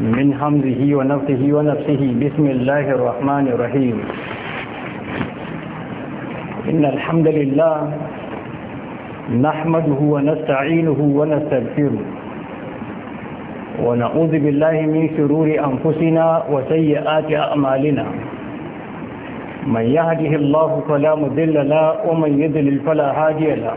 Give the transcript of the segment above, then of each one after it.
من حمده ونفسه ونفسه بسم الله الرحمن الرحيم إن الحمد لله نحمده ونستعينه ونستغفره ونعوذ بالله من شرور أنفسنا وسيئات أعمالنا من يهده الله فلا مذل له ومن يذلل فلا هادي له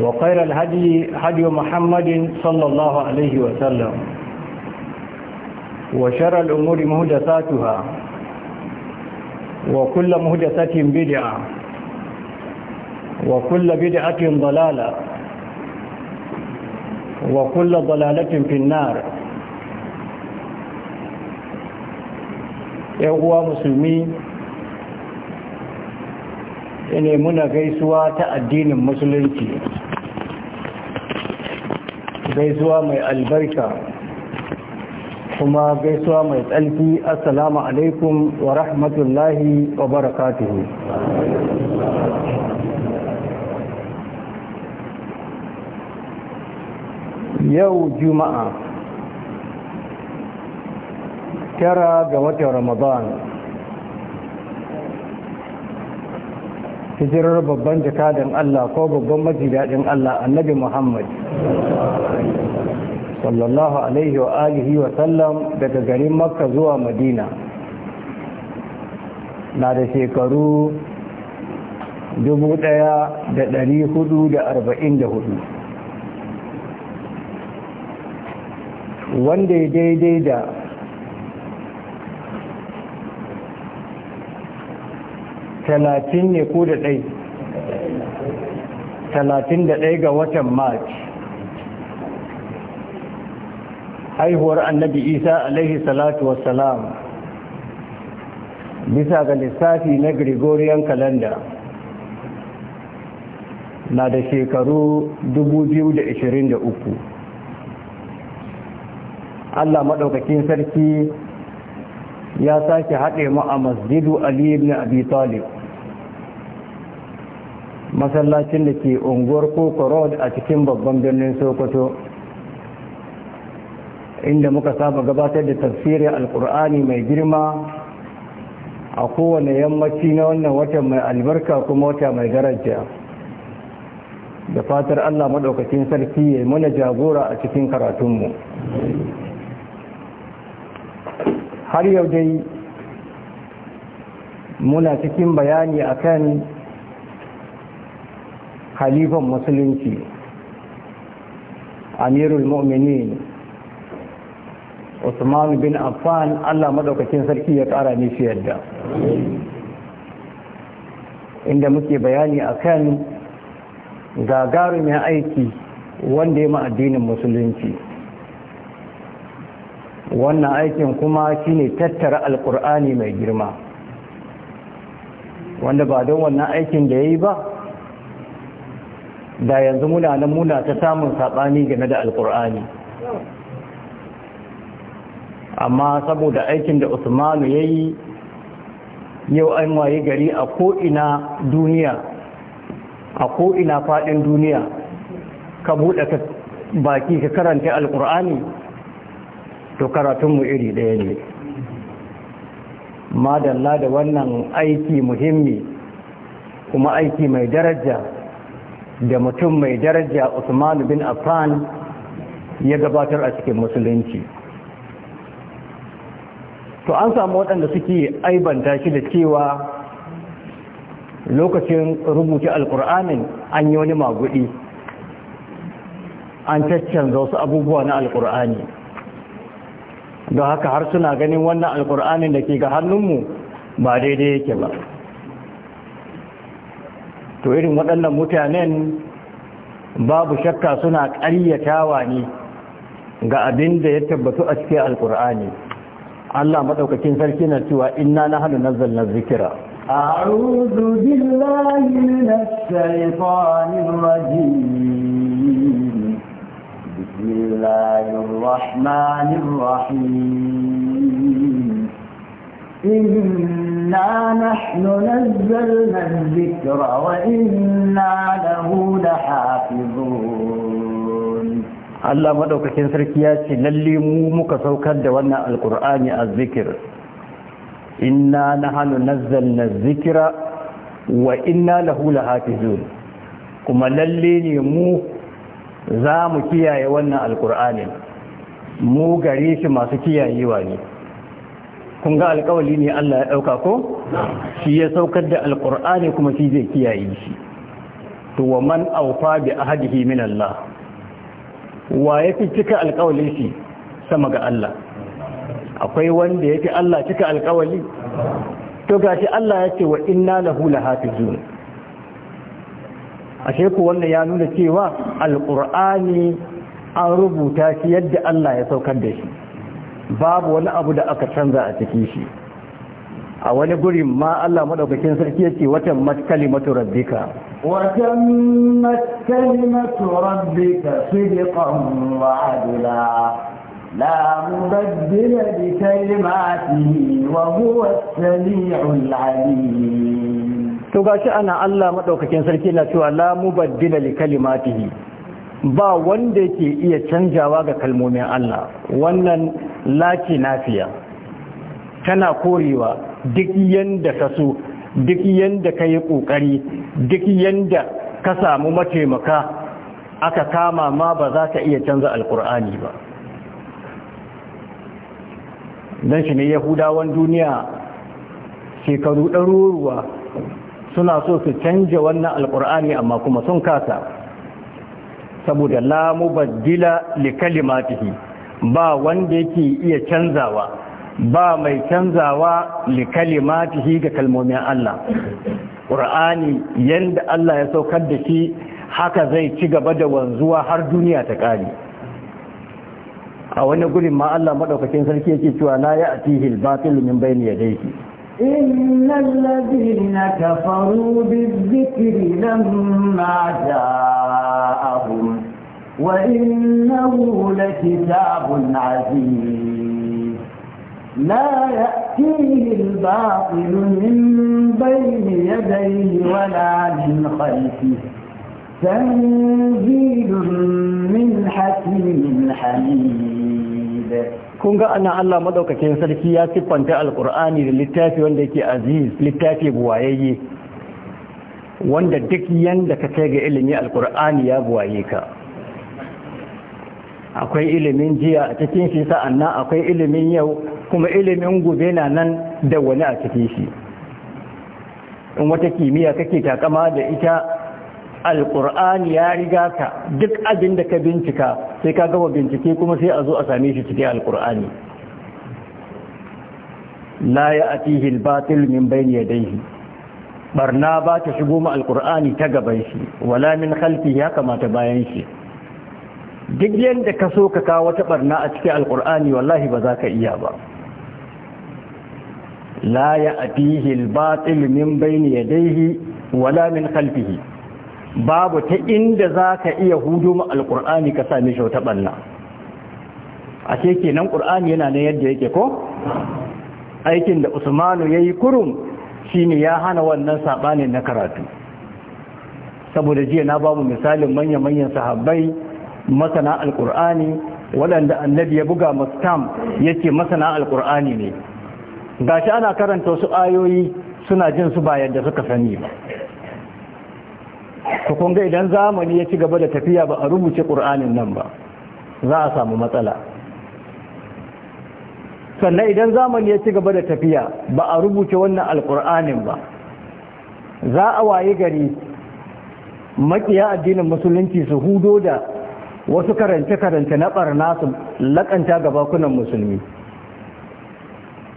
وخير الهدي هدي محمد صلى الله عليه وسلم وشر الأمور مهدثاتها وكل مهدثة بدعة وكل بدعة ضلالة وكل ضلالة في النار يا مسلمين ne muna gaisuwa ta addinin musulunci gaisuwa mai albarka kuma gaisuwa mai tsalfi assalamu alaikum wa rahmatullahi wa barakatuhu yau juma'a tara ga watan ramadan hijirar babban jikadin Allah ko babban majidadin Allah annabi Muhammad sallallahu alaihi wa alihi wa sallam daga garin makka zuwa madina na da shekaru 1444 wanda ya daidai da talatin ne ko da ɗai talatin da ɗai ga watan march haihuwar annabi isa alaihi salatu salam. bisa ga lissafi na gregorian calendar na da shekaru 2023 allah maɗaukakin sarki ya sake haɗe mu a masjidu ali ibn abi talib masallacin da ke unguwar koko road a cikin babban birnin sokoto inda muka saba gabatar da tafsirin alkur'ani mai girma a kowane yammaci na wannan watan mai albarka kuma wata mai daraja da fatar allah maɗaukacin sarki ya mana jagora a cikin karatunmu har yau dai muna cikin bayani akan khalifan musulunci amirul mu'minin usman bin affan allah madaukakin sarki ya kara mishi yadda inda muke bayani akan gagarumin aiki wanda ya ma addinin musulunci wannan aikin kuma shine tattara alkur'ani mai girma wanda ba don wannan aikin da ya yi ba da yanzu muna nan muna ta samun saɓani game da alkur'ani amma saboda aikin da usmanu ya yi yau an waye gari a ko'ina duniya a ko'ina faɗin duniya ka buɗe baki ka karanta alkur'ani to karatunmu iri ɗaya ne madalla da wannan aiki muhimmi kuma aiki mai daraja da mutum mai daraja usman bin affan ya gabatar a cikin musulunci to an samu waɗanda suke aibanta shi da cewa lokacin rubuta alkur'anin an yi wani maguɗi, an caccanza wasu abubuwa na alkur'ani don haka har suna ganin wannan alkur'anin da ke ga hannunmu ba daidai yake ba to irin waɗannan mutanen babu shakka suna ƙaryatawa ne ga abin da ya tabbatu a cikin alkur'ani Allah maɗaukakin sarki na cewa inna na hannu na zikira أعوذ بالله من الشيطان الرجيم بسم الله الرحمن الرحيم إنا نحن نزلنا الذكر وإنا له لحافظون Allah madaukakin sarki ya ce lalle mu muka saukar da wannan alkur'ani a zikir inna nahnu nazzalna zikira wa inna lahu lahafizun kuma lalle ne mu za mu kiyaye wannan alkur'anin mu gare shi masu kiyayewa ne kun ga alkawali ne Allah ya ɗauka ko shi ya saukar da alkur'ani kuma shi zai kiyaye shi to wa man aufa bi ahadihi min Allah wa yafi cika alkawalin shi sama ga Allah akwai wanda yafi Allah cika alkawali to gashi Allah ya ce wa inna lahu lahafizun ashe ku wannan ya nuna cewa alqur'ani an rubuta shi yadda Allah ya saukar da shi babu wani abu da aka canza a cikin shi a wani gurin ma Allah madaukakin sarki yake watan matkalimatu rabbika وتمت كلمة ربك صدقا وعدلا لا مبدل لكلماته وهو السميع العليم to gashi ana Allah madaukakin sarki na cewa la mubaddila li kalimatihi ba wanda yake iya canjawa ga kalmomin Allah wannan laki nafiya tana korewa duk yanda ka so duk yanda ka yi kokari duk yanda ka samu mataimaka aka kama ma ba za ka iya canza alkur'ani ba dan shi ne yahudawan duniya shekaru ɗaruruwa suna so su canja wannan alkur'ani amma kuma sun kasa saboda la mubaddila li kalimatihi ba wanda yake iya canzawa ba mai canzawa li kalimatihi ga kalmomin Allah qur'ani yanda Allah ya saukar da shi haka zai ci gaba da wanzuwa har duniya ta kare a wani gurin ma Allah madaukakin sarki yake cewa la ya'tihi al-batil min bayni yadayhi إن الذين كفروا بالذكر لما جاءهم وإنه لكتاب عزيز لا يأتيه الباطل من بين يديه ولا من خلفه تنزيل من حكيم حميد kun ga ana Allah madaukakin sarki ya siffanta alkur'ani da littafi wanda yake aziz littafi buwayayye wanda duk yanda ka kai ga ilimi alkur'ani ya buwaye ka akwai ilimin jiya a cikin shi akwai ilimin yau kuma ilimin gobe na nan da wani a cikin shi in wata kimiyya kake takama da ita alƙur'ani ya riga ka duk abin da ka bincika sai ka gama bincike kuma sai a zo a same shi cikin alƙur'ani la ya atihi batil min bayni yadayhi barna ba ta shigo ma alƙur'ani ta gaban shi wala min khalfi ya kamata bayan shi duk yadda ka so ka kawo wata barna a cikin alƙur'ani wallahi ba za ka iya ba la ya atihi batil min bayni yadayhi wala min khalfihi babu ta inda za ka iya hudu ma alƙur'ani ka sami shi ta ɓanna a ce nan ƙur'ani yana na yadda yake ko aikin da usmanu ya yi kurum shine ya hana wannan saɓanin na karatu saboda jiya na babu misalin manya-manyan sahabbai masana alƙur'ani waɗanda annabi ya buga mastam ya ce masana alƙur'ani ne Ga shi ana karanta wasu ayoyi suna jin su ba yadda suka sani ba to kunga idan zamani ya ci gaba da tafiya ba a rubuce ƙur'anin nan ba za a samu matsala sannan idan zamani ya ci gaba da tafiya ba a rubuce wannan alƙur'anin ba za a waye gari makiya addinin musulunci su hudo da wasu karance-karance na ɓarna su laƙanta ga bakunan musulmi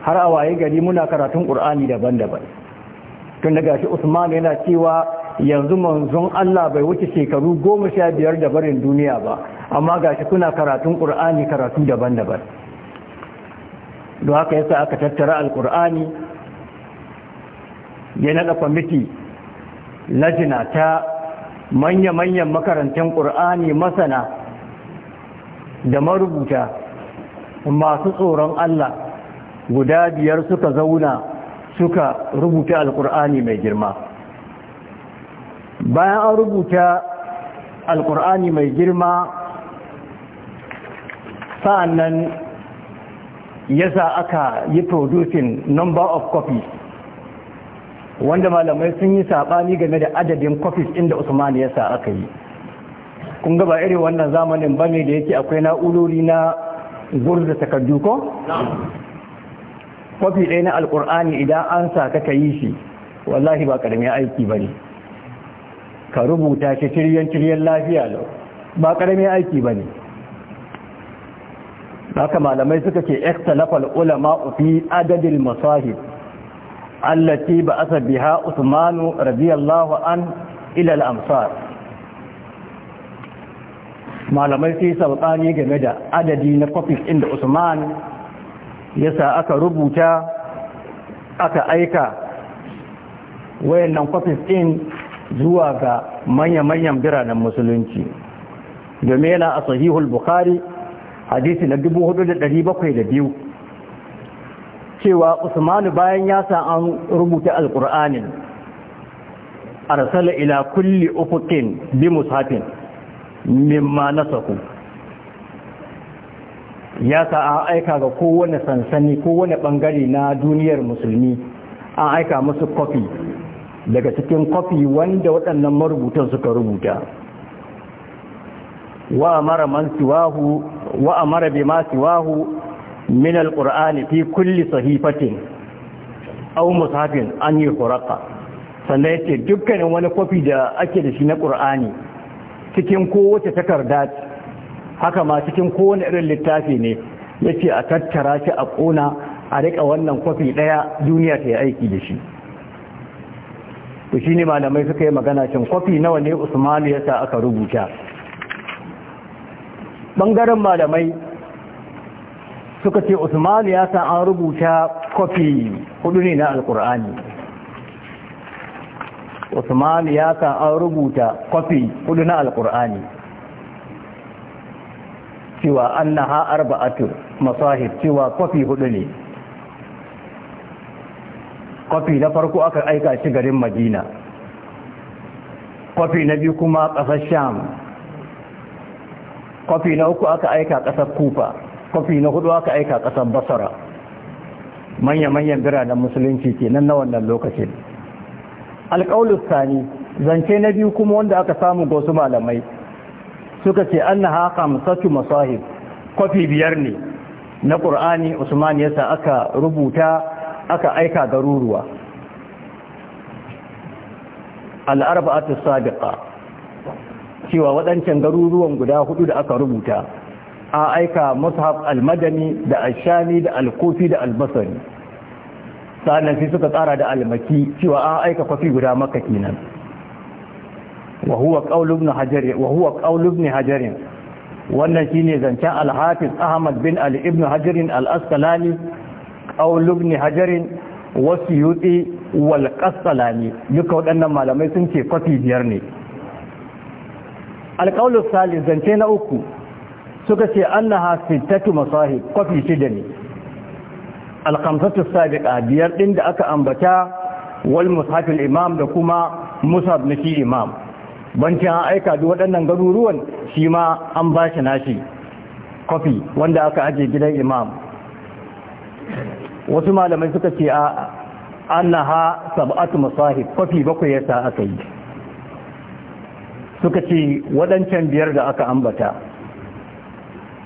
har a waye gari muna karatun ƙur'ani daban-daban tun daga shi usman yana cewa yanzu manzon Allah bai wuce shekaru goma sha biyar da barin duniya ba amma gashi kuna karatun ƙur'ani karatu daban-daban don haka yasa aka tattara al alƙur'ani ya naɗa kwamiti lajina ta manya-manyan makarantar ƙur'ani masana da marubuta masu tsoron Allah guda biyar suka zauna suka rubuta al alƙur'ani mai girma bayan an rubuta alkur'ani mai girma sa'annan yasa aka yi producing number of copies wanda malamai sun yi saɓani game da adadin copies inda usman yasa aka yi kun gaba irin wannan zamanin ba ne da yake akwai na'urori na da takardu ko? kwafi ɗaya na alƙur'ani idan an sa ka yi shi wallahi ba ƙarami aiki ba ne ka rubuta shi tiryan tiryan lafiya lau ba ƙaramin aiki ba ne haka malamai suka ce ikhtalafal ulama fi adadil masahib allati ba'atha biha Usmanu radiyallahu an ila al-amsar malamai sai sabani game da adadi na copies inda Usman yasa aka rubuta aka aika wayannan copies din zuwa ga manya-manyan biranen musulunci domin yana a sahihul bukhari hadisi na 4,702 cewa usmanu bayan ya sa an rubuta alkur'anin arsala ila kulli ufukin bi musafin mimma nasaku ya sa an aika ga kowane sansani kowane bangare na duniyar musulmi an aika musu kofi daga cikin kwafi wanda waɗannan marubutan suka rubuta wa amara man siwahu wa amara siwahu min alqur'ani fi kulli sahifatin aw musafin an yi qurqa sannan ce dukkanin wani kwafi da ake da shi na qur'ani cikin kowace takarda haka ma cikin kowane irin littafi ne yace a tattara shi a ƙona a rika wannan kwafi ɗaya, duniya ta yi aiki da shi to shi ne malamai suka yi magana cin kwafi nawa ne usmanu sa aka rubuta bangaren malamai suka ce usmanu sa an rubuta kwafi hudu ne na alkur'ani usmanu sa an rubuta kwafi hudu na alkur'ani cewa annaha arba'atu masahib cewa kwafi hudu ne kwafi na farko aka aika shi garin madina kwafi na biyu kuma ƙasar sham kwafi na uku aka aika ƙasar kufa kwafi na hudu aka aika ƙasar basara manya-manyan biranen musulunci ke nan na wannan lokacin alƙaunin sani zance na biyu kuma wanda aka samu ga wasu malamai suka ce an na haka musatu masahib kwafi biyar ne na ƙur'ani usman yasa aka rubuta aka aika garuruwa al'arba'atu sadiqa cewa waɗancan garuruwan guda hudu da aka rubuta a aika mushaf al-madani da al-shami da al-kufi da al-basri sannan sai suka tsara da al-maki cewa a aika kwafi guda maka kenan wa huwa qawlu ibn hajar wa huwa wannan shine zancen al-hafiz ahmad bin ali ibn hajar al-asqalani aw ibn hajarin wasu suyuti wal qasalani duka waɗannan malamai sun ce kwafi biyar ne alƙawlu salis zance na uku suka ce annaha sittatu masahib kwafi shida ne khamsatu sabiqa biyar din da aka ambata wal al imam da kuma musab na shi imam bancin an aika duk waɗannan garuruwan shi ma an ba shi nashi kwafi wanda aka ajiye gidan imam wasu malamai suka ce a annaha sab'atu masahib kwafi bakwai yasa aka yi suka ce waɗancan biyar da aka ambata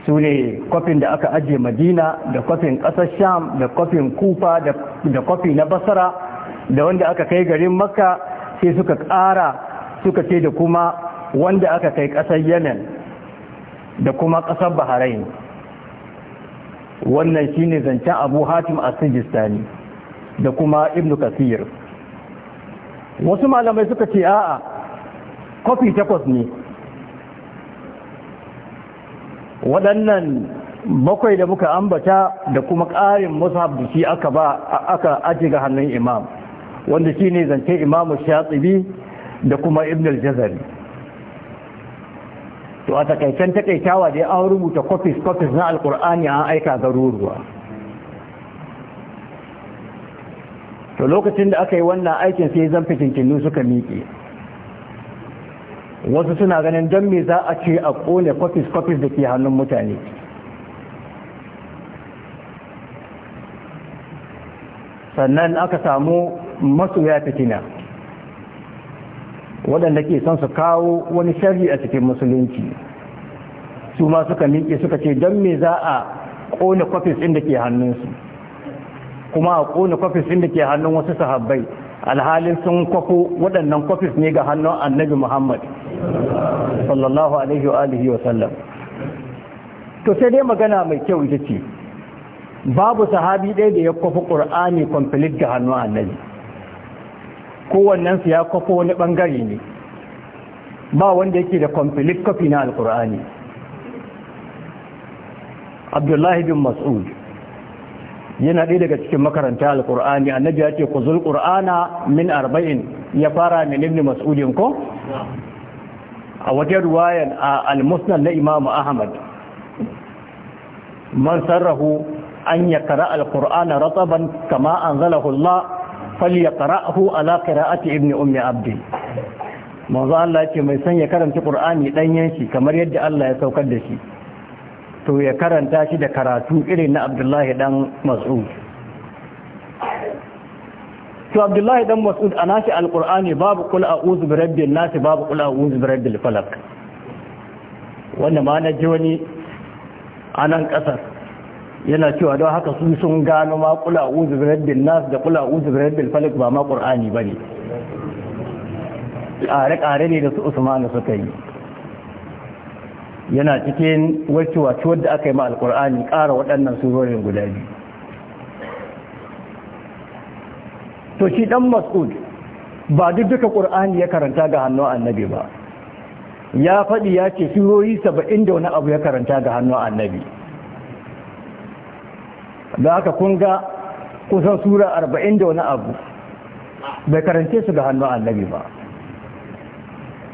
su ne kwafin da aka ajiye madina da kwafin ƙasar sham da kwafin kufa da kwafi na basara da wanda aka kai garin makka sai suka ƙara suka ce da kuma wanda aka kai ƙasar yemen da kuma ƙasar bahrain wannan shine zancen abu hatim a sijistani da kuma ibn kasir wasu malamai suka ce a'a kofi takwas ne waɗannan bakwai da muka ambata da kuma ƙarin musab da shi aka ba aka aji ga hannun imam wanda shine zance imamu shatsibi da kuma ibn al-jazari to a takaicen takaitawa dai an rubuta copies copies na alkur'ani an aika garuruwa to lokacin da aka yi wannan aikin sai zan fitintinu suka miƙe wasu suna ganin don me za a ce a ƙone copies copies da ke hannun mutane sannan aka samu masoya fitina waɗanda ke son su kawo wani shari a cikin musulunci su ma suka miƙe suka ce don me za a ƙone kwafis inda ke hannunsu kuma a ƙone kwafis inda ke hannun wasu sahabbai alhalin sun kwafo waɗannan kwafis ne ga hannun annabi muhammad sallallahu alaihi wa alihi wa sallam to sai dai magana mai kyau ita ce babu sahabi ɗaya da ya kwafi ƙur'ani complete ga hannun annabi kowannen su ya kafa wani bangare ne ba wanda yake da complete copy na alkur'ani abdullahi bin mas'ud yana ɗaya daga cikin makaranta alkur'ani annabi ya ce ku zul qur'ana min arba'in ya fara min ibn mas'udin ko a wata ruwaya a al-musnad na imam ahmad man sarahu an yakra alkur'ana rataban kama anzalahu allah falyaqra'hu ala qira'ati ibni ummi abdi manzo Allah ce mai son ya karanta Qur'ani dan yanki kamar yadda Allah ya saukar da shi to ya karanta shi da karatu irin na Abdullahi dan Mas'ud to Abdullahi dan Mas'ud ana shi alqur'ani babu kul a'udhu bi rabbin nas babu kul a'udhu bi rabbil falaq wannan ma na ji wani anan kasar yana cewa don haka su sun gano ma kula uzu birabbin nas da kula uzu birabbin falik ba ma qur'ani bane ƙare-ƙare ne da su usmanu suka yi yana cikin wacewa wadda aka yi ma alkur'ani ƙara waɗannan surorin guda biyu to shi ɗan mas'ud ba duk duka ƙur'ani ya karanta ga hannu annabi ba ya faɗi ya ce surori saba'in da wani abu ya karanta ga hannun annabi da aka kunga kusan sura arba'in da wani abu bai karance su ga hannu annabi ba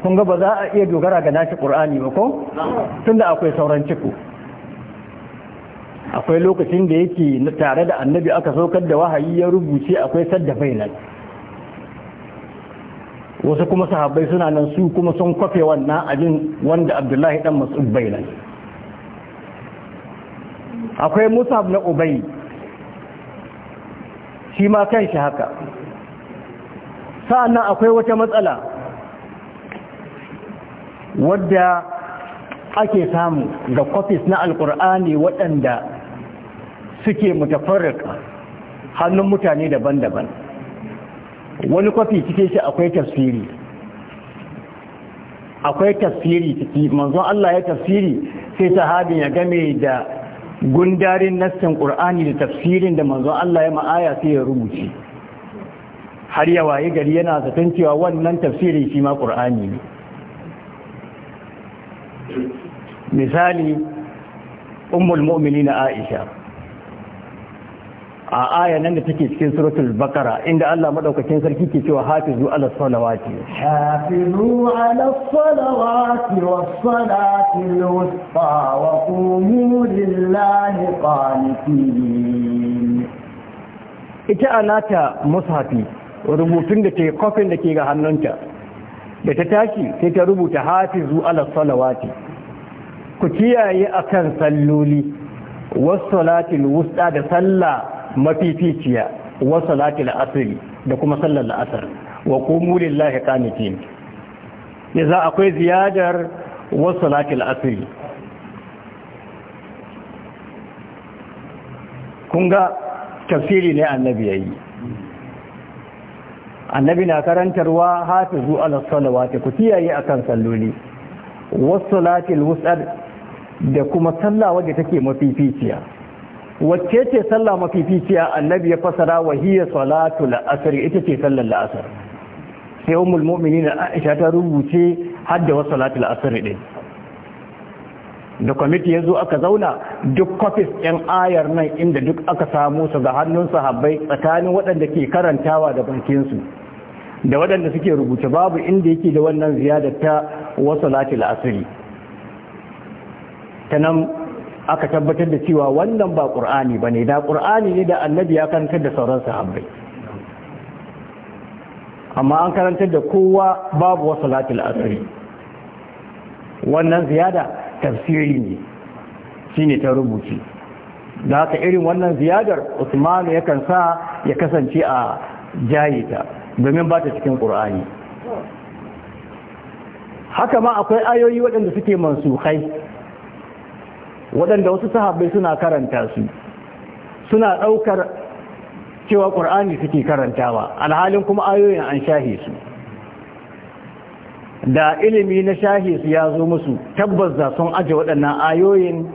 kunga ba za a iya dogara ga nashi ƙur'ani ba ko tunda akwai sauran ciku akwai lokacin da yake tare da annabi aka saukar da wahayi ya rubuce akwai sadda nan wasu kuma sahabbai suna nan su kuma sun kwafe wannan abin wanda abdullahi dan masu nan. akwai musab na ubai shi ma kan shi haka sa'annan akwai wata matsala wadda ake samu ga kwafis na alkur'ani waɗanda suke mutafarraka hannun mutane daban-daban wani kwafi cike shi akwai tafsiri akwai tafsiri ciki manzon Allah ya tafsiri sai sahabin ya game da gundarin nassan ƙur'ani da tafsirin da manzo Allah ya ma'aya sai ya rubuce har ya waye gari yana zaton cewa wannan tafsirin shi ma ƙur'ani ne misali ummul mu'mini na aisha a aya nan da take cikin suratul bakara inda Allah madaukakin sarki ke cewa hafizu ala salawati hafizu ala salawati was salati al-wusta wa qumu lillahi qanitin ita anata mushafi rubutun da ke kofin da ke ga hannunta da ta tashi sai ta rubuta hafizu ala salawati ku kiyaye akan salloli was salati al-wusta da sallah mafificiya wa salati al da kuma sallar al-asr wa qumu lillahi qanitin yaza akwai ziyadar wa salati al-asr kunga tafsiri ne annabi yayi annabi na karantarwa hafizu ala salawati ku kiyaye akan salloli was salatil wus'ad da kuma sallah wadda take mafificiya wacce ce sallah mafificiya annabi ya fasara wa hiya salatul asr ita ce sallar la'asar sai ummul mu'minin Aisha ta rubuce hadda wa salatul asr din da kwamiti ya zo aka zauna duk copies ɗin ayar nan inda duk aka samu su ga hannun sahabbai tsakanin waɗanda ke karantawa da bankinsu da waɗanda suke rubuce babu inda yake da wannan ziyadar ta Salatu al asr ta nan aka tabbatar da cewa wannan ba ƙur'ani ba ne da ƙur'ani ne da annabi ya karantar da sauran sahabbai amma an karantar da kowa babu wasu latin asiri wannan ziyada tafsiri ne shi ne ta rubuci da haka irin wannan ziyadar usmanu yakan sa ya kasance a ta domin ba ta cikin ƙur'ani haka ma akwai ayoyi waɗanda suke mansukai waɗanda wasu sahabbai suna karanta su suna ɗaukar cewa ƙur'ani suke karantawa alhalin kuma ayoyin an shahe su da ilimi na shahe su ya zo musu tabbas da sun aje waɗannan ayoyin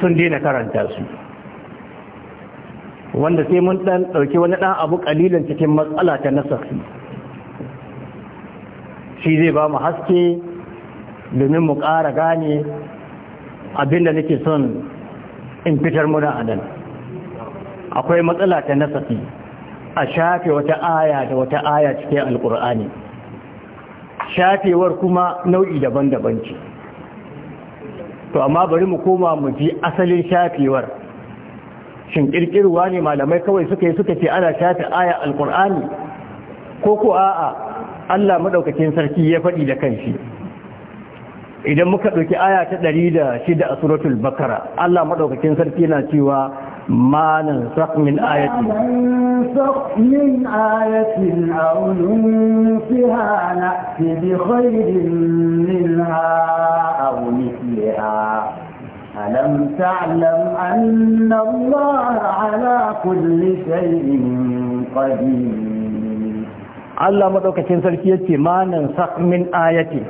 sun daina karanta su wanda sai mun ɗan ɗauki wani ɗan abu ƙalilan cikin matsala ta nasafi shi zai ba mu haske domin mu ƙara gane abinda nake son in fitar muna a nan akwai matsala ta nasafi a shafe wata aya da wata aya cikin alkur'ani shafewar kuma nau'i daban-daban ce to amma bari mu koma mu ji asalin shafewar shin kirkirwa ne malamai kawai suka yi suka ce ana shafe aya alkur'ani ko ko a'a Allah madaukakin sarki ya faɗi da kanshi idan muka ɗauki aya ta ɗari da shida a suratul bakara Allah maɗaukakin sarki na cewa manan sakmin ayatin sakmin ayatin a wunin fiha na fi bi khairin min ha a wuni fiha ألم تعلم أن الله على كل شيء قدير الله مدوكة سركية ما ننسخ من آيته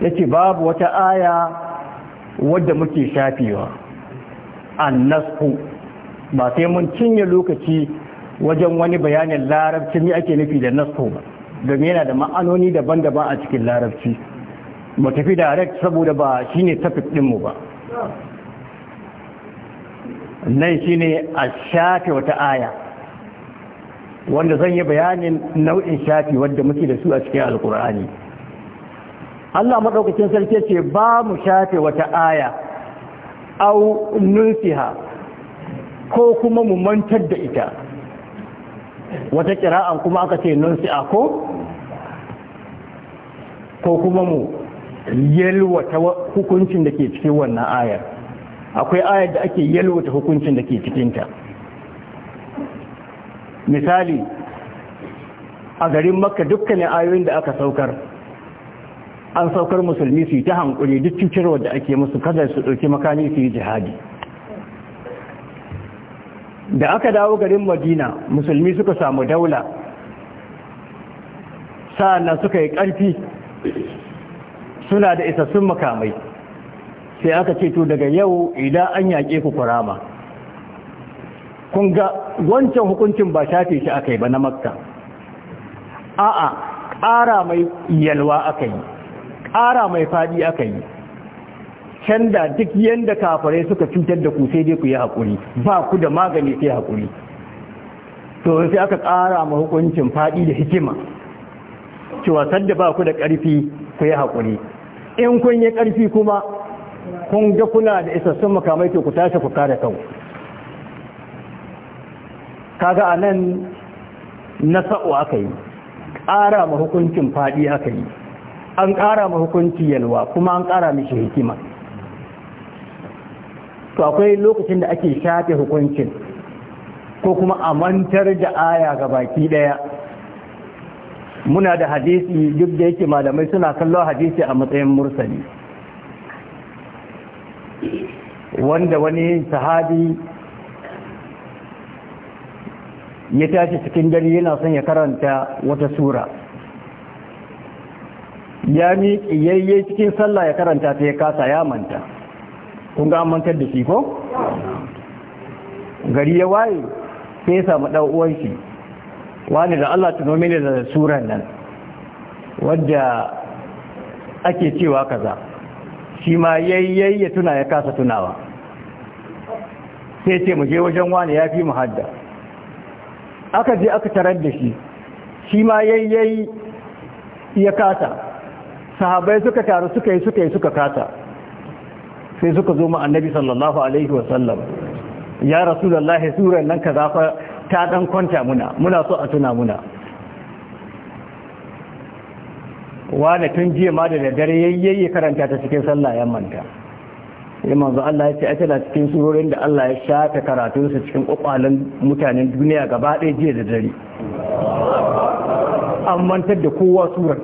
yake babu wata aya wadda muke shafewa annasku ba sai mun cinye lokaci wajen wani bayanin larabci mai ake nufi da nasku ba domin yana da ma'anoni daban-daban a cikin larabci mu tafi da rex saboda ba shi shine ɗin ɗinmu ba nan shi ne a shafe wata aya wanda zan yi bayanin nau'in shafi wadda muke da su a cikin alkur'ani Allah maɗaukacin sarki ce ba mu shafe wata aya au nunsiha ko kuma mu mantar da ita wata kira'an kuma aka ce nunsi'a ko ko kuma mu yalwata hukuncin da ke cikin wannan ayar akwai ayar da ake yalwata hukuncin da ke cikinta misali a garin makka dukkanin ayoyin da aka saukar an saukar musulmi su yi ta hankuri duk cutarwa da ake musu kada su ɗauki makani su yi jihadi da aka dawo garin madina musulmi suka samu daula sa'annan suka yi ƙarfi suna da isassun makamai sai aka ce to daga yau idan an yaƙe ku kurama kun ga wancan hukuncin ba shafe shi aka yi ba na makka a'a ƙara mai yalwa aka yi ƙara mai faɗi aka yi can da duk yadda kafare suka cutar da ku sai dai ku yi haƙuri ba ku da magani sai haƙuri to sai aka ƙara ma hukuncin faɗi da hikima cewa sadda ba ku da ƙarfi ku yi haƙuri in kun yi ƙarfi kuma kun ga kuna da isassun makamai to ku tashi ku kare kau kaga a nan na sa'o aka yi ƙara ma hukuncin faɗi aka yi an ƙara ma hukunci yalwa kuma an ƙara mishi hikima to akwai lokacin da ake shafe hukuncin ko kuma a mantar da aya ga baki ɗaya muna da hadisi duk da yake malamai suna kallon hadisi a matsayin mursali wanda wani sahabi ya tashi cikin dare yana son ya karanta wata sura ya miƙi yayye cikin sallah ya karanta ta ya kasa ya manta kun ga an mantar da shi ko gari ya waye sai ya samu ɗan uwan shi wani da Allah tuno mini da suran nan wanda ake cewa kaza shi ma yayye ya tuna ya kasa tunawa sai ce mu je wajen wani ya fi mu hadda aka je aka tarar da shi shi ma yayye ya kasa sahabai suka taru suka yi suka yi suka kasa sai suka zo ma annabi sallallahu alaihi wasallam ya rasulullahi surar nan kaza fa ta dan kwanta muna muna so a tuna muna wane tun jiya ma da dare yayyayi karanta ta cikin sallah ya manta sai manzo Allah ya ce a tana cikin surorin da Allah ya shafe karatun su cikin kwakwalen mutanen duniya gaba ɗaya jiya da dare an mantar da kowa surar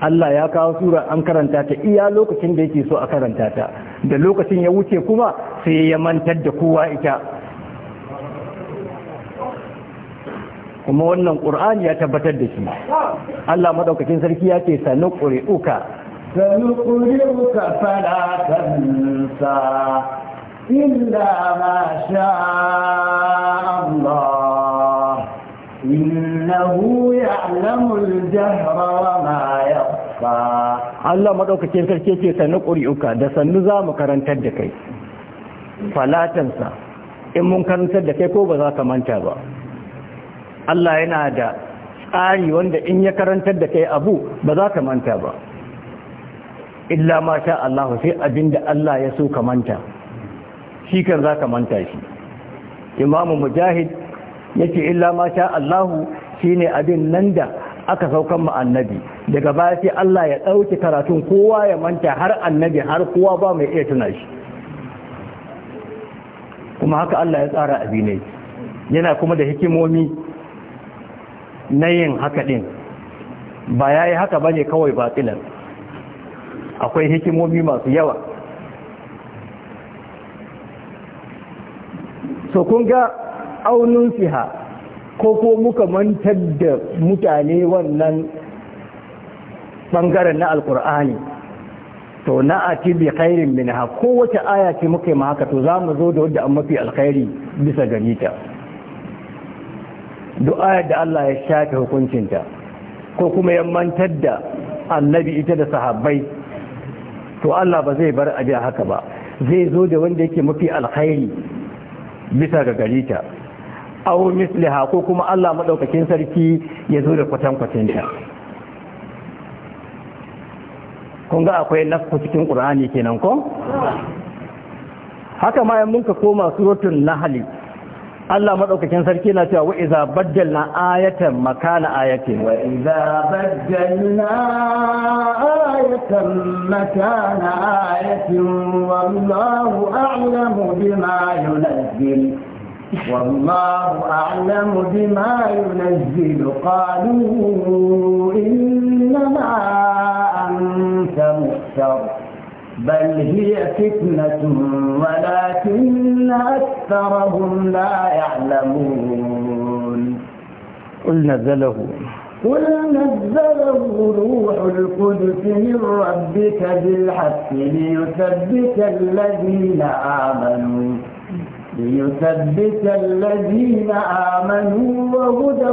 Allah ya kawo sura an karanta ta iya lokacin da yake so a karanta ta da lokacin ya wuce kuma sai ya mantar da kowa ita kuma wannan ƙur'ani ya tabbatar da shi Allah madaukakin sarki ya ce sanu ƙuri'uka sanu ƙuri'uka fala tansa illa ma sha Allah innahu ya'lamu al-jahra wa ma yakhfa Allah madaukakin sarki ce sannu ƙuri'uka da sannu za mu karantar da kai falatansa in mun karantar da kai ko ba za ka manta ba Allah yana da tsari wanda in ya karantar da kai abu ba za ka manta ba illa ma sha Allah sai abinda Allah ya so ka manta shi kan za ka manta shi imamu mujahid yace illa ma sha Allahu shine abin nan da aka saukan mu annabi daga baya sai Allah ya dauki karatun kowa ya manta har annabi har kowa ba mai iya tuna shi kuma haka Allah ya tsara abi ne yana kuma da hikimomi na yin haka din ba yayi haka bane kawai batilan akwai hikimomi masu yawa so kun ga aunin siha ko ko muka mantar da mutane wannan ɓangaren na alkur'ani to na a ci bi khairin min ha aya ce muka yi ma haka to za mu zo da wadda an mafi alkhairi bisa gari ta ayar da Allah ya shafe hukuncinta ko kuma ya mantar da annabi ita da sahabbai to Allah ba zai bar a haka ba zai zo da wanda yake mafi alkhairi bisa ga gari ta aw misliha ko kuma Allah madaukakin sarki ya zo da kwatan ta kun ga akwai nafku cikin qur'ani kenan ko haka ma mun ka koma suratul nahl Allah madaukakin sarki na cewa wa iza baddalna ayatan makana ayatin wa iza baddalna ayatan makana ayatin wallahu a'lamu bima yunzil والله أعلم بما ينزل قالوا إنما أنت مختر بل هي فتنة ولكن أكثرهم لا يعلمون قل نزله قل نزله روح القدس من ربك بالحق ليثبت الذين آمنوا ليثبت الذين آمنوا وهدى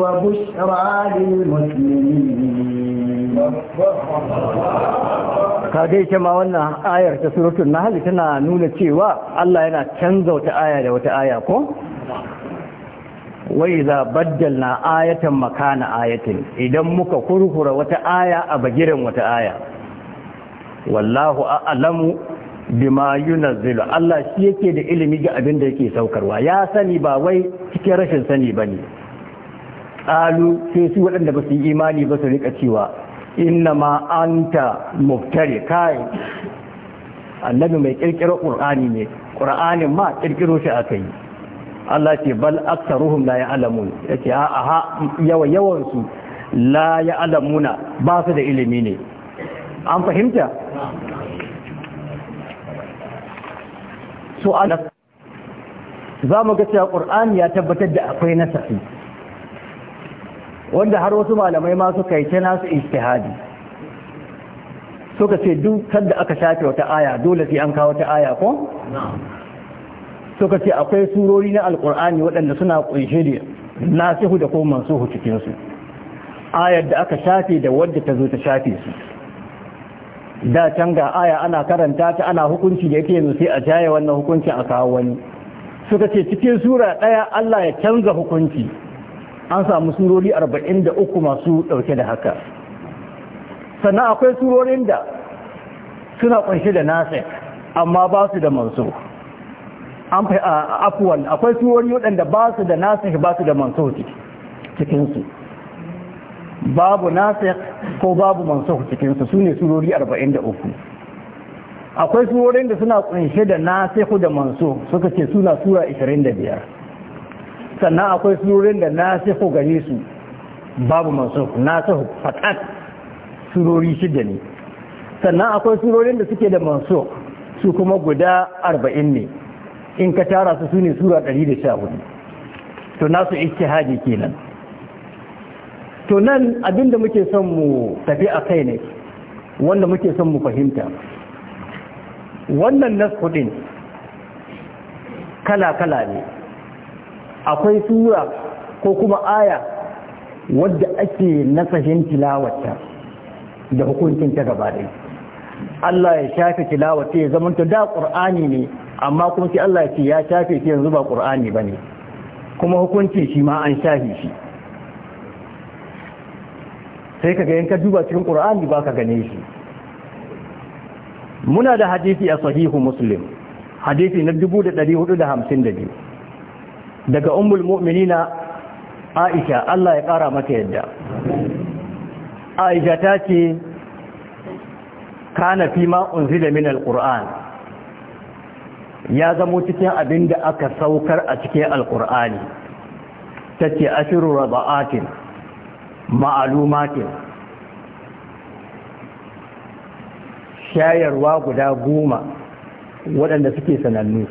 وبشرى للمسلمين kaga ita ma wannan ayar ta na hali tana nuna cewa Allah yana canza wata aya da wata aya ko wai za na ayatan makana ayatin idan muka kurkura wata aya a bagiren wata aya wallahu a'lamu bima yunazzilu Allah shi yake da ilimi ga abin da yake saukarwa ya sani ba wai cikin rashin sani bane qalu sai su waɗanda ba su yi imani ba su rika cewa inna ma anta muftari kai annabi mai kirkiro qur'ani ne qur'anin ma kirkiro shi aka yi Allah ce bal aktaruhum la ya'lamun yace a a yawa yawan su la ya'lamuna ba su da ilimi ne an fahimta to anas za mu ga cewa ƙur'ani ya tabbatar da akwai nasafi wanda har wasu malamai ma suka yi ta nasu ijtihadi suka ce duk da aka shafe wata aya dole sai an kawo ta aya ko suka ce akwai surori na alkur'ani waɗanda suna ƙunshe da nasihu da ko mansuhu cikinsu ayar da aka shafe da wadda ta zo ta shafe su da can ga aya ana karanta ta ana hukunci da yake yanzu sai a jaye wannan hukuncin a kawo wani suka ce cikin sura ɗaya Allah ya canza hukunci an samu surori 43 masu ɗauke da haka sannan akwai surorin da suna ƙunshe da nasir amma ba su da manso an fi afuwan akwai surori waɗanda ba su da nasir ba su da manso cikinsu babu nasir ko babu mansukh cikinsu su sune surori 43 akwai surorin da suna kunshe da nasikh da mansukh suka ce suna sura 25 sannan akwai surorin da nasikh gare su babu mansukh nasikh fakat surori shida ne sannan akwai surorin da suke da mansukh su kuma guda 40 ne in ka tara su sune sura 114 to nasu Haji kenan to nan abinda muke son mu tafi a kai ne wanda muke son mu fahimta wannan kuɗin kala-kala ne akwai tura ko kuma aya wadda ake nasahin tilawata da hukuncin ta gaba dai Allah ya shafe tilawata ya zamanta da ƙur'ani ne amma kuma shi Allah ya ce ya shafe shi yanzu ba ƙur'ani ba ne kuma hukunci shi ma an shafe shi sai ka ga yin ka duba cikin qur'ani ba ka gane shi muna da hadisi a sahihu muslim hadisi na 1452 daga ummul na aisha Allah ya kara mata yadda aisha ta ce kana fi ma unzila min alquran ya zamo cikin abin da aka saukar a cikin alqurani tace ashirin rabaatin Ma'aluma ke shayarwa guda goma waɗanda suke sanannu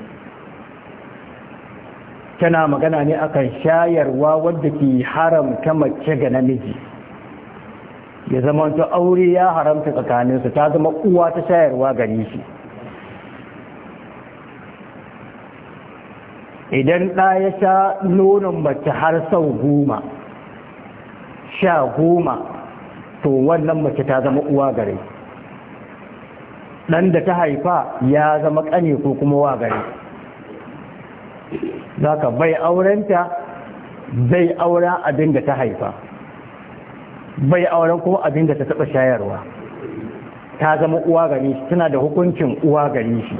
tana magana ne akan shayarwa wadda ke haramta mace ga namiji ya zama ta aure ya haramta tsakaninsu ta zama uwa ta shayarwa gare shi idan ɗa ya sha nonon mace har sau goma sha goma to wannan mace ta zama uwa gare ɗan da ta haifa ya zama ƙane ko kuma wa gare za ka bai aurenta zai aura abin da ta haifa bai auren kuma abin da ta taɓa shayarwa ta zama uwa gare shi tana da hukuncin uwa gare shi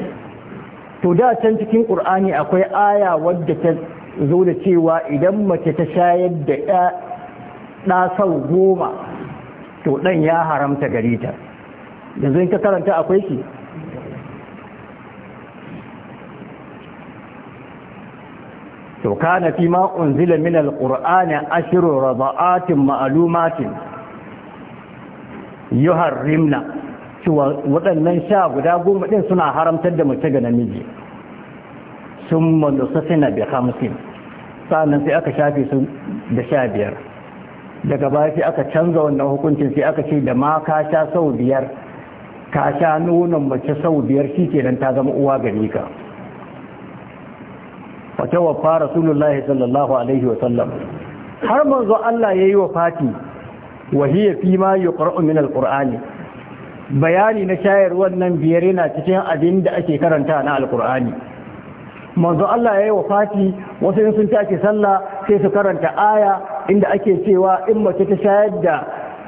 to da can cikin ƙur'ani akwai aya wadda ta zo da cewa idan mace ta shayar da ɗa sau goma to ɗan ya haramta gari ta yanzu in ka karanta akwai shi to kana fi ma unzila min alqur'ani ashru rada'atin ma'lumatin yuharrimna cewa waɗannan sha guda goma ɗin suna haramtar da mace ga namiji sun malusasina bi hamsin sannan sai aka shafe su da sha biyar daga baya sai aka canza wannan hukuncin sai aka ce da ma ka sha sau biyar ka sha nonon mace sau biyar shi kenan ta zama uwa gare ka wata wafa rasulullahi sallallahu alaihi wa sallam har manzo Allah ya yi wa fati wahiyya fi ma yuqra'u min alqur'ani bayani na shayar wannan biyar yana cikin abin da ake karanta na alqur'ani manzo Allah ya yi wa fati wasu sun take sallah sai su karanta aya inda ake cewa in mace ta shayar da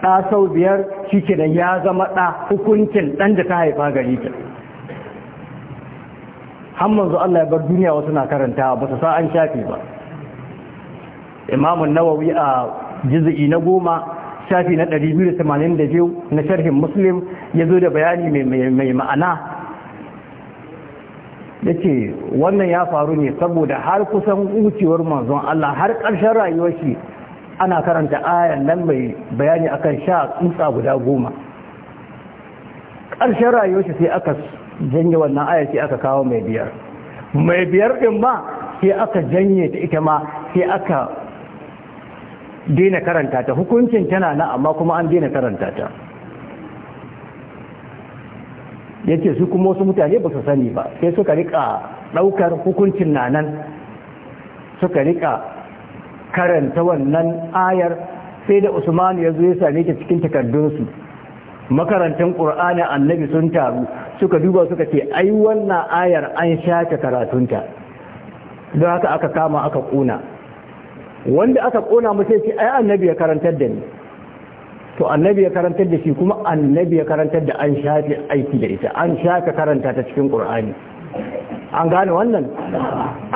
ɗa sau biyar shi kenan ya zama ɗa hukuncin ɗan da ta haifa gari ta Hamman manzo Allah ya bar duniya wasu na karanta ba su sa an shafi ba imamun nawawi a juz'i na goma shafi na 282 na sharhin muslim ya zo da bayani mai ma'ana ya ce wannan ya faru ne saboda har kusan wucewar manzon Allah har ƙarshen rayuwar shi ana karanta ayan nan mai bayani akan sha tsuntsa guda goma ƙarshen rayuwar shi sai aka janye wannan aya sai aka kawo mai biyar mai biyar ɗin ba sai aka janye ta ita ma sai aka daina karanta ta hukuncin tana na amma kuma an daina karanta ta ya ce su kuma wasu mutane ba su sani ba sai suka rika ɗaukar hukuncin nanan suka rika karanta wannan ayar sai da usman ya zo ya same ta cikin takardunsu makarantar ƙur'ani annabi sun taru suka duba suka ce ai wannan ayar an shafe karatunta don haka aka kama aka ƙuna wanda aka ƙona mu sai ce ai annabi ya karantar da ni to annabi ya karantar da shi kuma annabi ya karantar da an shafe aiki da ita an shafe karanta ta cikin ƙur'ani an gane wannan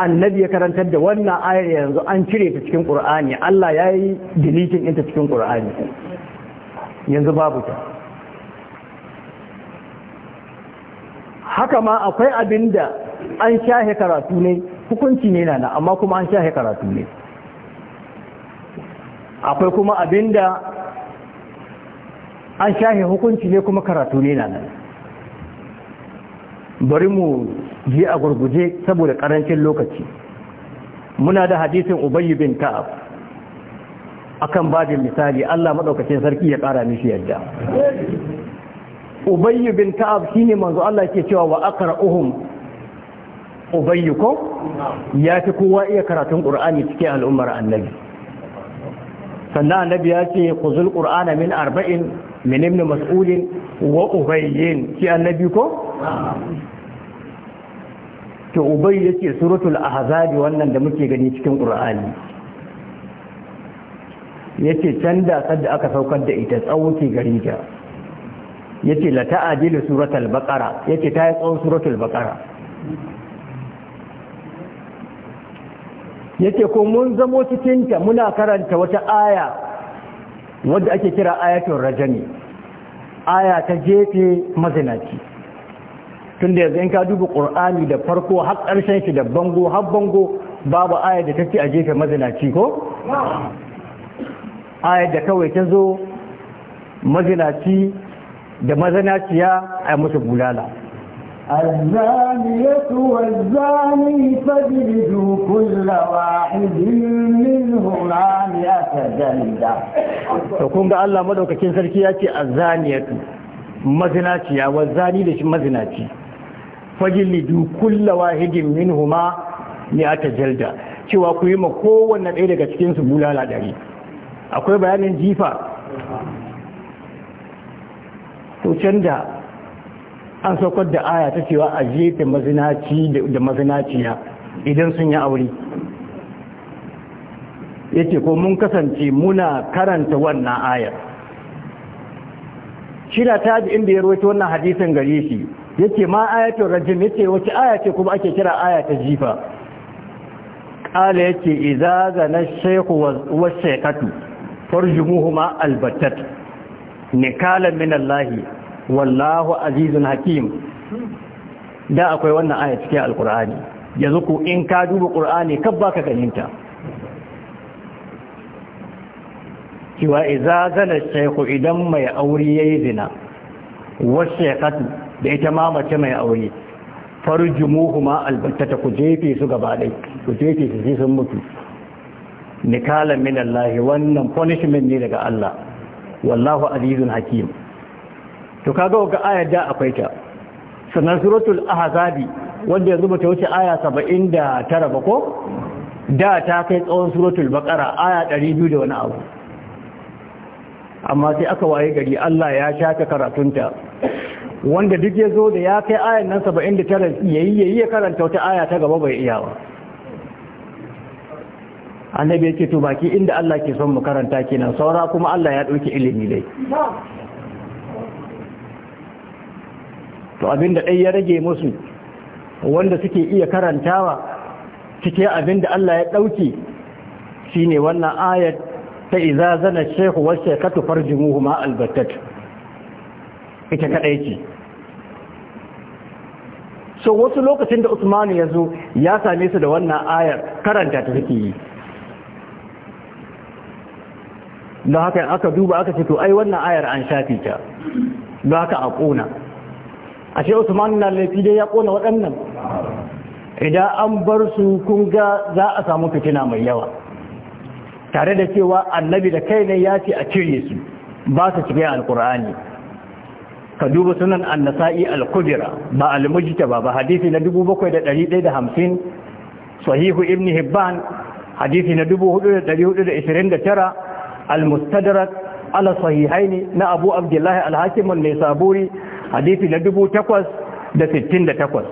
annabi ya karantar da wannan ayar yanzu an cire ta cikin ƙur'ani Allah ya yi deleting ita cikin ƙur'ani yanzu babu ta haka ma akwai abin da an shafi karatu ne hukunci ne na amma kuma an shafi karatu ne akwai kuma abinda. an shahe hukunci ne kuma karatu ne na nan bari mu je a gurguje saboda karancin lokaci muna da hadisin ubayy bin ka'ab akan bada misali Allah madaukakin sarki ya kara mishi yadda ubayy bin ka'ab shine manzo Allah yake cewa wa aqra'uhum ubayyu ko ya fi kowa iya karatun qur'ani cikin al'ummar annabi sannan annabi ya ce khuzul qur'ana min arba'in min ibn mas'ud wa ubayy ki annabi ko to ubay yace suratul ahzab wannan da muke gani cikin qur'ani yace can da sadda aka saukar da ita tsawuke gari ta yace la ta'jilu suratul baqara yace ta yi tsawon suratul baqara yace ko mun zamo cikinta muna karanta wata aya wadda ake kira ayatun rajani aya ta jefe mazinaci tun da yanzu in ka duba ƙur'ani da farko har ƙarshen shi da bango har bango babu aya da take a jefe mazinaci ko aya da kawai ta zo mazinaci da mazinaciya a musu bulala الزانية والزاني فاجلدوا كل واحد منهما مئة جلدة تكون قال الله مدوك كين سلكياتي الزانية مزناتي والزاني ليش مزناتي فاجلدوا كل واحد منهما مئة جلدة cewa ku yi ma kowanne ɗaya daga cikinsu bulala ɗari akwai bayanin jifa to canza an saukar da aya ta cewa a jefe mazinaci da mazinaciya idan sun yi aure ya ce ko mun kasance muna karanta wannan ayar shi da ta inda ya roci wannan hadisin gare shi ya ce ma ayatun rajim ya ce wace aya ce kuma ake kira aya ta jifa ƙala ya ce izaga na shaiku wa shaikatu farjumuhu ma albatat nikalan minallahi wallahu azizun hakim da akwai wannan aya cikin alkur'ani yanzu ku in ka duba qur'ani kab baka ganinta cewa idza zana shaykhu idan mai aure yayi zina wa shaykhatu da ita ma mace mai aure farjumuhuma albattata ku jefe su gaba dai ku jefe su sai sun mutu nikalan min Allah wannan punishment ne daga Allah wallahu azizun hakim to kaga ga ayar da akwai ta sannan suratul ahzabi wanda yanzu ta wuce aya 79 ba ko da ta kai tsawon suratul baqara aya 200 da wani abu amma sai aka waye gari Allah ya shaka karatunta wanda duk ya zo da ya kai ayar nan 79 yayi yayi ya karanta wata aya ta gaba bai iya ba annabi yake to baki inda Allah ke son mu karanta kenan saura kuma Allah ya dauki ilimi dai to abinda ɗai ya rage musu wanda suke iya karantawa cike abinda Allah ya ɗauki shine wannan ayat ta iza zana shehu wa shekatu farjimuhu ma albattat ita kaɗai ce so wasu lokacin da Usman ya zo ya same su da wannan ayar karanta ta suke yi don haka aka duba aka ce to ai wannan ayar an shafi ta don haka a ƙona ashe usman na laifi dai ya kona waɗannan idan an bar su kunga za a samu fitina mai yawa tare da cewa annabi da kai ne ya ce a cire su ba su cikin alkur'ani ka duba sunan annasa'i al ba al-mujtaba ba hadisi na 7150 sahihu ibn hibban hadisi na 4429 al-mustadrak ala sahihaini na abu abdullahi al-hakim an hadisi na dubu takwas da sittin da takwas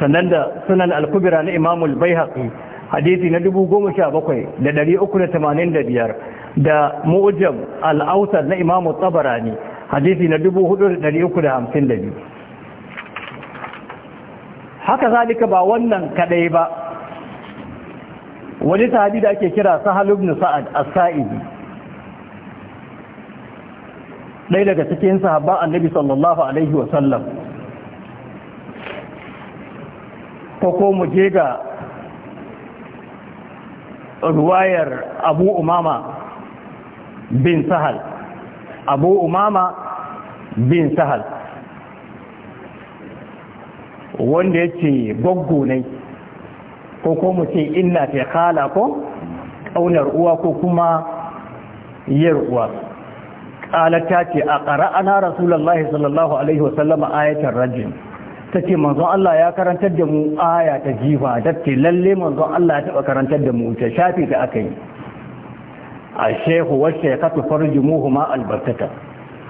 sannan da sunan al na imam al-baihaqi hadisi na dubu goma sha bakwai da ɗari uku da tamanin da biyar da mu'jam alautar ausar na imam tabarani hadisi na dubu hudu da ɗari uku da hamsin da biyu haka zalika ba wannan kadai ba wani sahabi da ake kira sahal ibn sa'ad as-sa'idi ɗaya daga cikin sahabban annabi sallallahu alaihi wasallam ko ko mu je ga ruwayar abu umama bin sahal abu umama bin sahal wanda ya ce goggo ne ko ko mu ce inna ta kala ko ƙaunar uwa ko kuma yar uwa qalat ta ce a rasulun rasulullahi sallallahu alaihi wasallam rajin Ta ce manzon Allah ya karantar da mu aya ta jifa ce lalle manzon Allah ya taɓa karantar da mu ta shafi ta wacce ya kafa farji muhu ma albarkata.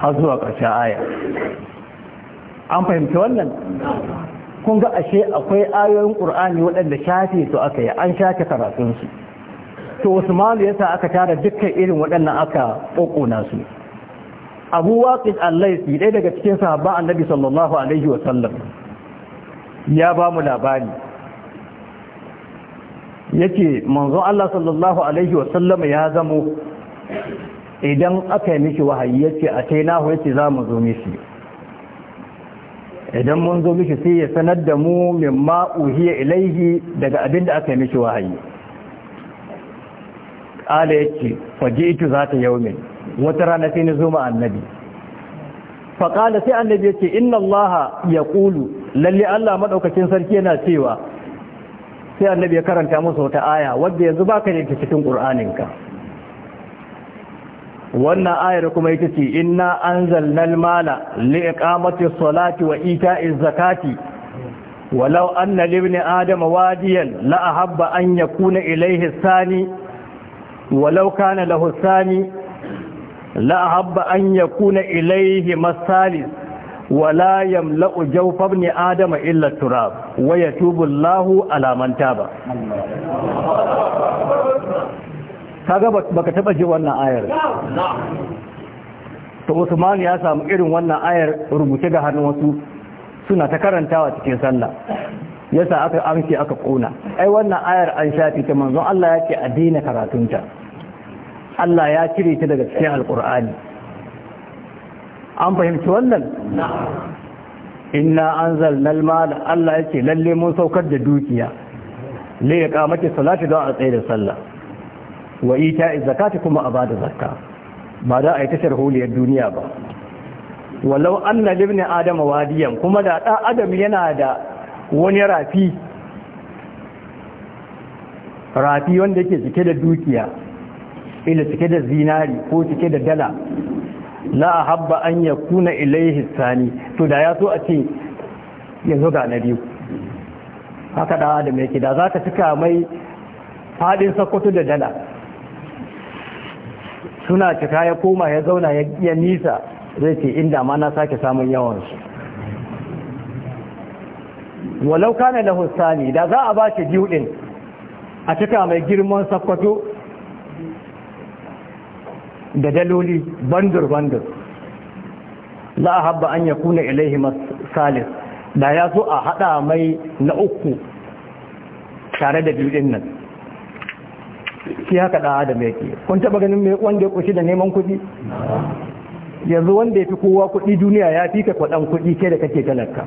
har zuwa ƙarshen aya an fahimci wannan kun ga ashe akwai ayoyin ƙur'ani waɗanda shafe su aka yi an shafe karatunsu to usmanu yasa aka tara dukkan irin waɗannan aka ƙoƙona su abu waqid al-laythi daga cikin sahabba annabi sallallahu alaihi wa sallam ya ba mu labari yake manzo Allah sallallahu alaihi wa sallam ya zamo idan aka yi miki wahayi yace a sai nahu yace za mu zo miki idan mun zo miki sai ya sanar da mu mimma uhiya ilaihi daga abinda aka yi miki wahayi qala yace faji'tu zata yawmin wata rana sai na zo ma annabi faƙala sai annabi yace, ce inna allaha ya ƙulu lalle allah maɗaukacin sarki yana cewa sai annabi ya karanta musu wata aya wadda yanzu baka ne ta cikin ƙur'aninka wannan ayar kuma ita ce inna anzalnal mala liqamati ssalati wa ita'iz zakati walau anna libni adama wadiyan la ahabba an yakuna ilayhi sani walau kana lahu sani la habba an yakuna ilaihi masalis wala yamla'u jawfa ibn adam illa turab wa yatubu Allahu ala man taba kaga baka taba ji wannan ayar to Usman ya samu irin wannan ayar rubuce ga hannun wasu suna ta karantawa cikin sallah yasa aka amshi aka kona ai wannan ayar an shafi ta manzon Allah yake a daina karatunta Allah ya cire ta daga cikin alkur'ani an fahimci wannan inna anzalna da Allah yake lalle mun saukar da dukiya le ya kamata salati don a tsaye da sallah wa ita zakati kuma a bada zakka ba da a yi tashar huliyar duniya ba walau anna libni adam wadiyan kuma da ɗan adam yana da wani rafi rafi wanda yake cike da dukiya ila cike da zinari ko cike da dala la habba an ya kuna ilaihi sani to da ya so a ce yanzu ga na biyu haka da adam yake da za ka cika mai fadin sakwato da dala suna cika ya koma ya zauna ya nisa zai ce inda ma na sake samun yawansu walau kana lahu sani da za a ba shi biyu din a cika mai girman sakwato da daloli bandur-bandur la a habba an ya kuna ilaihi masalis da ya zo a hada mai na uku tare da biyu nan shi haka da adam yake kun taba ganin me wanda ya kushi da neman kuɗi yanzu wanda ya fi kowa kuɗi duniya ya fi ka kwaɗan kuɗi ke da kake talaka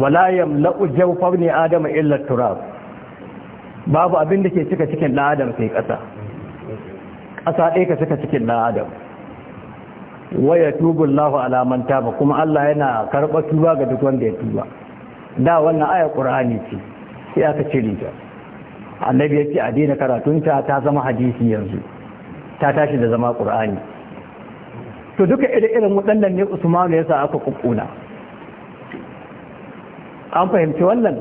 wala la'u jawfar ne adama illa turab babu abin da ke cika cikin ɗan sai ƙasa ƙasa ɗaya ka cika cikin ɗan adam waya tubun lahu alamanta ba kuma Allah yana karɓar tuba ga duk wanda ya tuba da wannan aya ƙura'ani ce sai aka cire ta annabi ya ce a daina karatunta ta zama hadisi yanzu ta tashi da zama ƙur'ani to duka irin irin waɗannan ne usmanu ya sa aka ƙuƙuna an fahimci wannan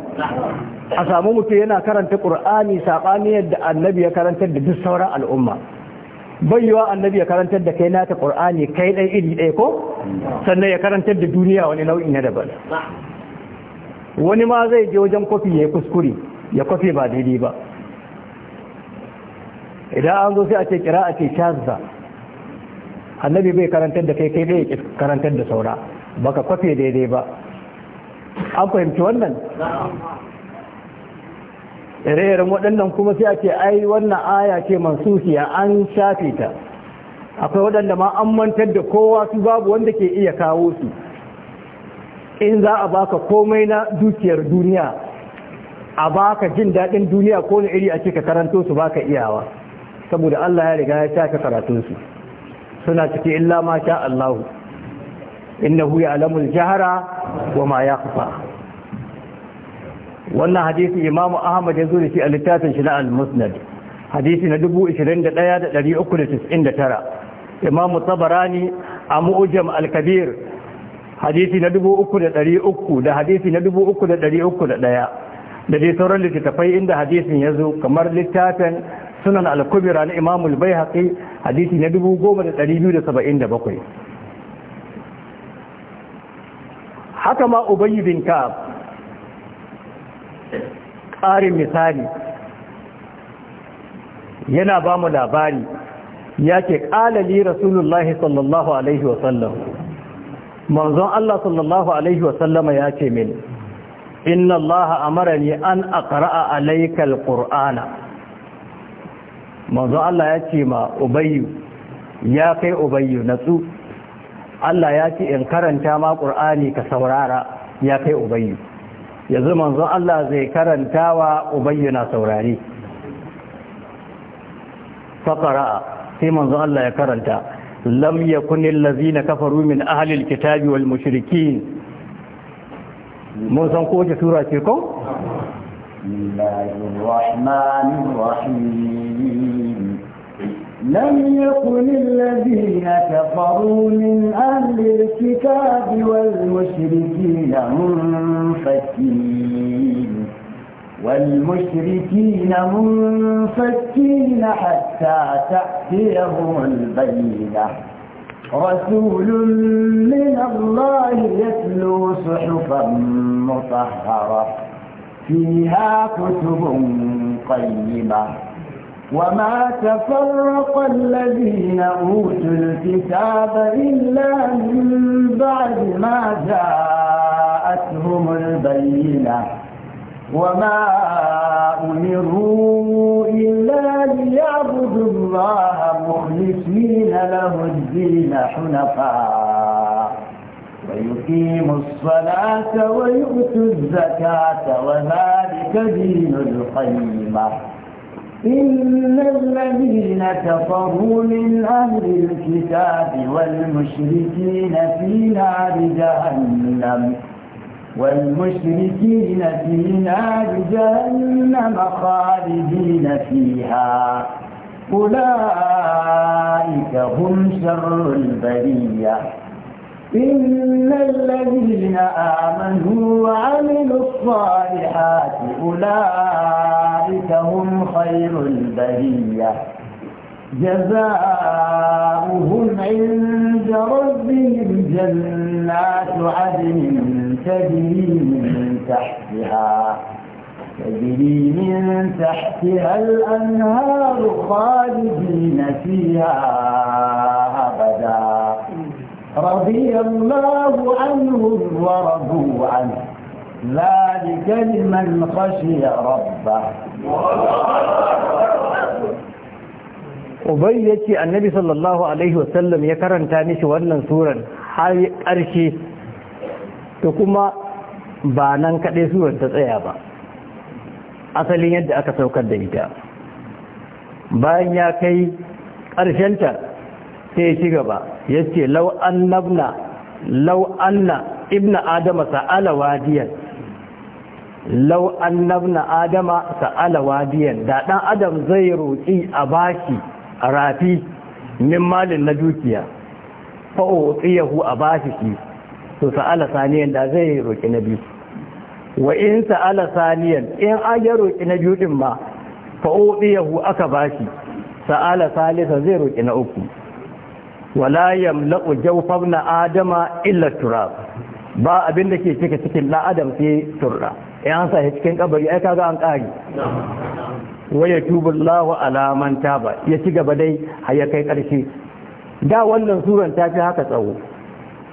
a samu mutum yana karanta ƙur'ani saɓani yadda annabi ya karantar da duk sauran al'umma bayyawa annabi ya karantar da kai nata ƙur'ani kai ɗan iri ɗaya ko sannan ya karantar da duniya wani nau'i na daban wani ma zai je wajen kofi ya yi kuskure ya kofi ba daidai ba idan an zo sai a ce kira a ce shazza annabi bai karantar da kai kai ɗaya karantar da saura baka kofi daidai ba an fahimci wannan ire-iren waɗannan kuma sai a ce ai wannan aya ce mansusiya an shafe ta akwai waɗanda ma an mantar da kowa su babu wanda ke iya kawo su in za a baka komai na dukiyar duniya a baka jin daɗin duniya ko na iri a ce ka karanto su baka iyawa saboda Allah ya riga ya shafe su. suna cike illa ma sha Allahu innahu ya'lamul alamul wa ma ya wannan hadisi imamu ahmad ya zo da shi a littafin shi na al-musnad hadisi na 21399 imamu tabarani a mu'jam al-kabir hadisi na 3300 da hadisi na 3301 da dai sauran littattafai inda hadisin ya zo kamar littafin sunan al-kubra na imamu al-baihaqi hadisi na 10277 haka ma ubayy bin ka'ab ƙarin misali yana ba mu labari ya ce ƙalali rasulullahi sallallahu alaihi wasallam manzon Allah sallallahu alaihi wasallama ya ce min, inna Allah amarani an aqra'a alayka alqur'ana manzon Allah ya ce ma ubayyu ya kai na tsu. Allah ya ce in karanta ma ƙur'ani ka saurara ya kai ubayyu yanzu manzo Allah zai karanta wa ubayyu na saurari faƙara sai manzo Allah ya karanta lam yakunil ladzina kafaru min ahli alkitabi wal mushrikin mun san ko sura ce ko لم يكن الذين كفروا من أهل الكتاب والمشركين منفكين والمشركين منفكين حتى تأتيهم البينة رسول من الله يتلو صحفا مطهرة فيها كتب قيمة وما تفرق الذين أوتوا الكتاب إلا من بعد ما جاءتهم البينة وما أمروا إلا ليعبدوا الله مخلصين له الدين حنفاء ويقيموا الصلاة ويؤتوا الزكاة وذلك دين القيمة إن الذين كفروا من أهل الكتاب والمشركين في نار جهنم والمشركين في نار جهنم خالدين فيها أولئك هم شر البرية إن الذين آمنوا وعملوا الصالحات أولئك هم خير البرية جزاؤهم عند ربهم جنات عدن تجري من تحتها تجري من تحتها الأنهار خالدين فيها أبداً رضي الله عنهم ورضوا عنه ذلك لمن خشي ربه Ubai ya ce annabi sallallahu Alaihi wasallam ya karanta mishi wannan surar har ƙarshe ta kuma ba nan kaɗai surar ta tsaya ba, asalin yadda aka saukar da ita. Bayan ya kai ƙarshenta sai ya ci gaba ya ce lau'anna ibn adama sa'ala wadiyan lau annabna adama sa'ala wadiyan da dan adam zai roƙi a bashi a rafi min malin na dukiya fa'o'tiyahu a bashi shi to sa'ala saniyan da zai roƙi na biyu wa in sa'ala saniyan in an ya roƙi na biyu din ma fa'o'tiyahu aka bashi sa'ala salisa zai roƙi na uku wala yamla'u jawfar na adama illa turab ba abin da ke cike cikin ɗan adam sai turra eh an sa cikin kabari ai kaga an ƙari waya ala alaman taba ya ci gaba dai har ya kai ƙarshe da wannan suran ta fi haka tsawo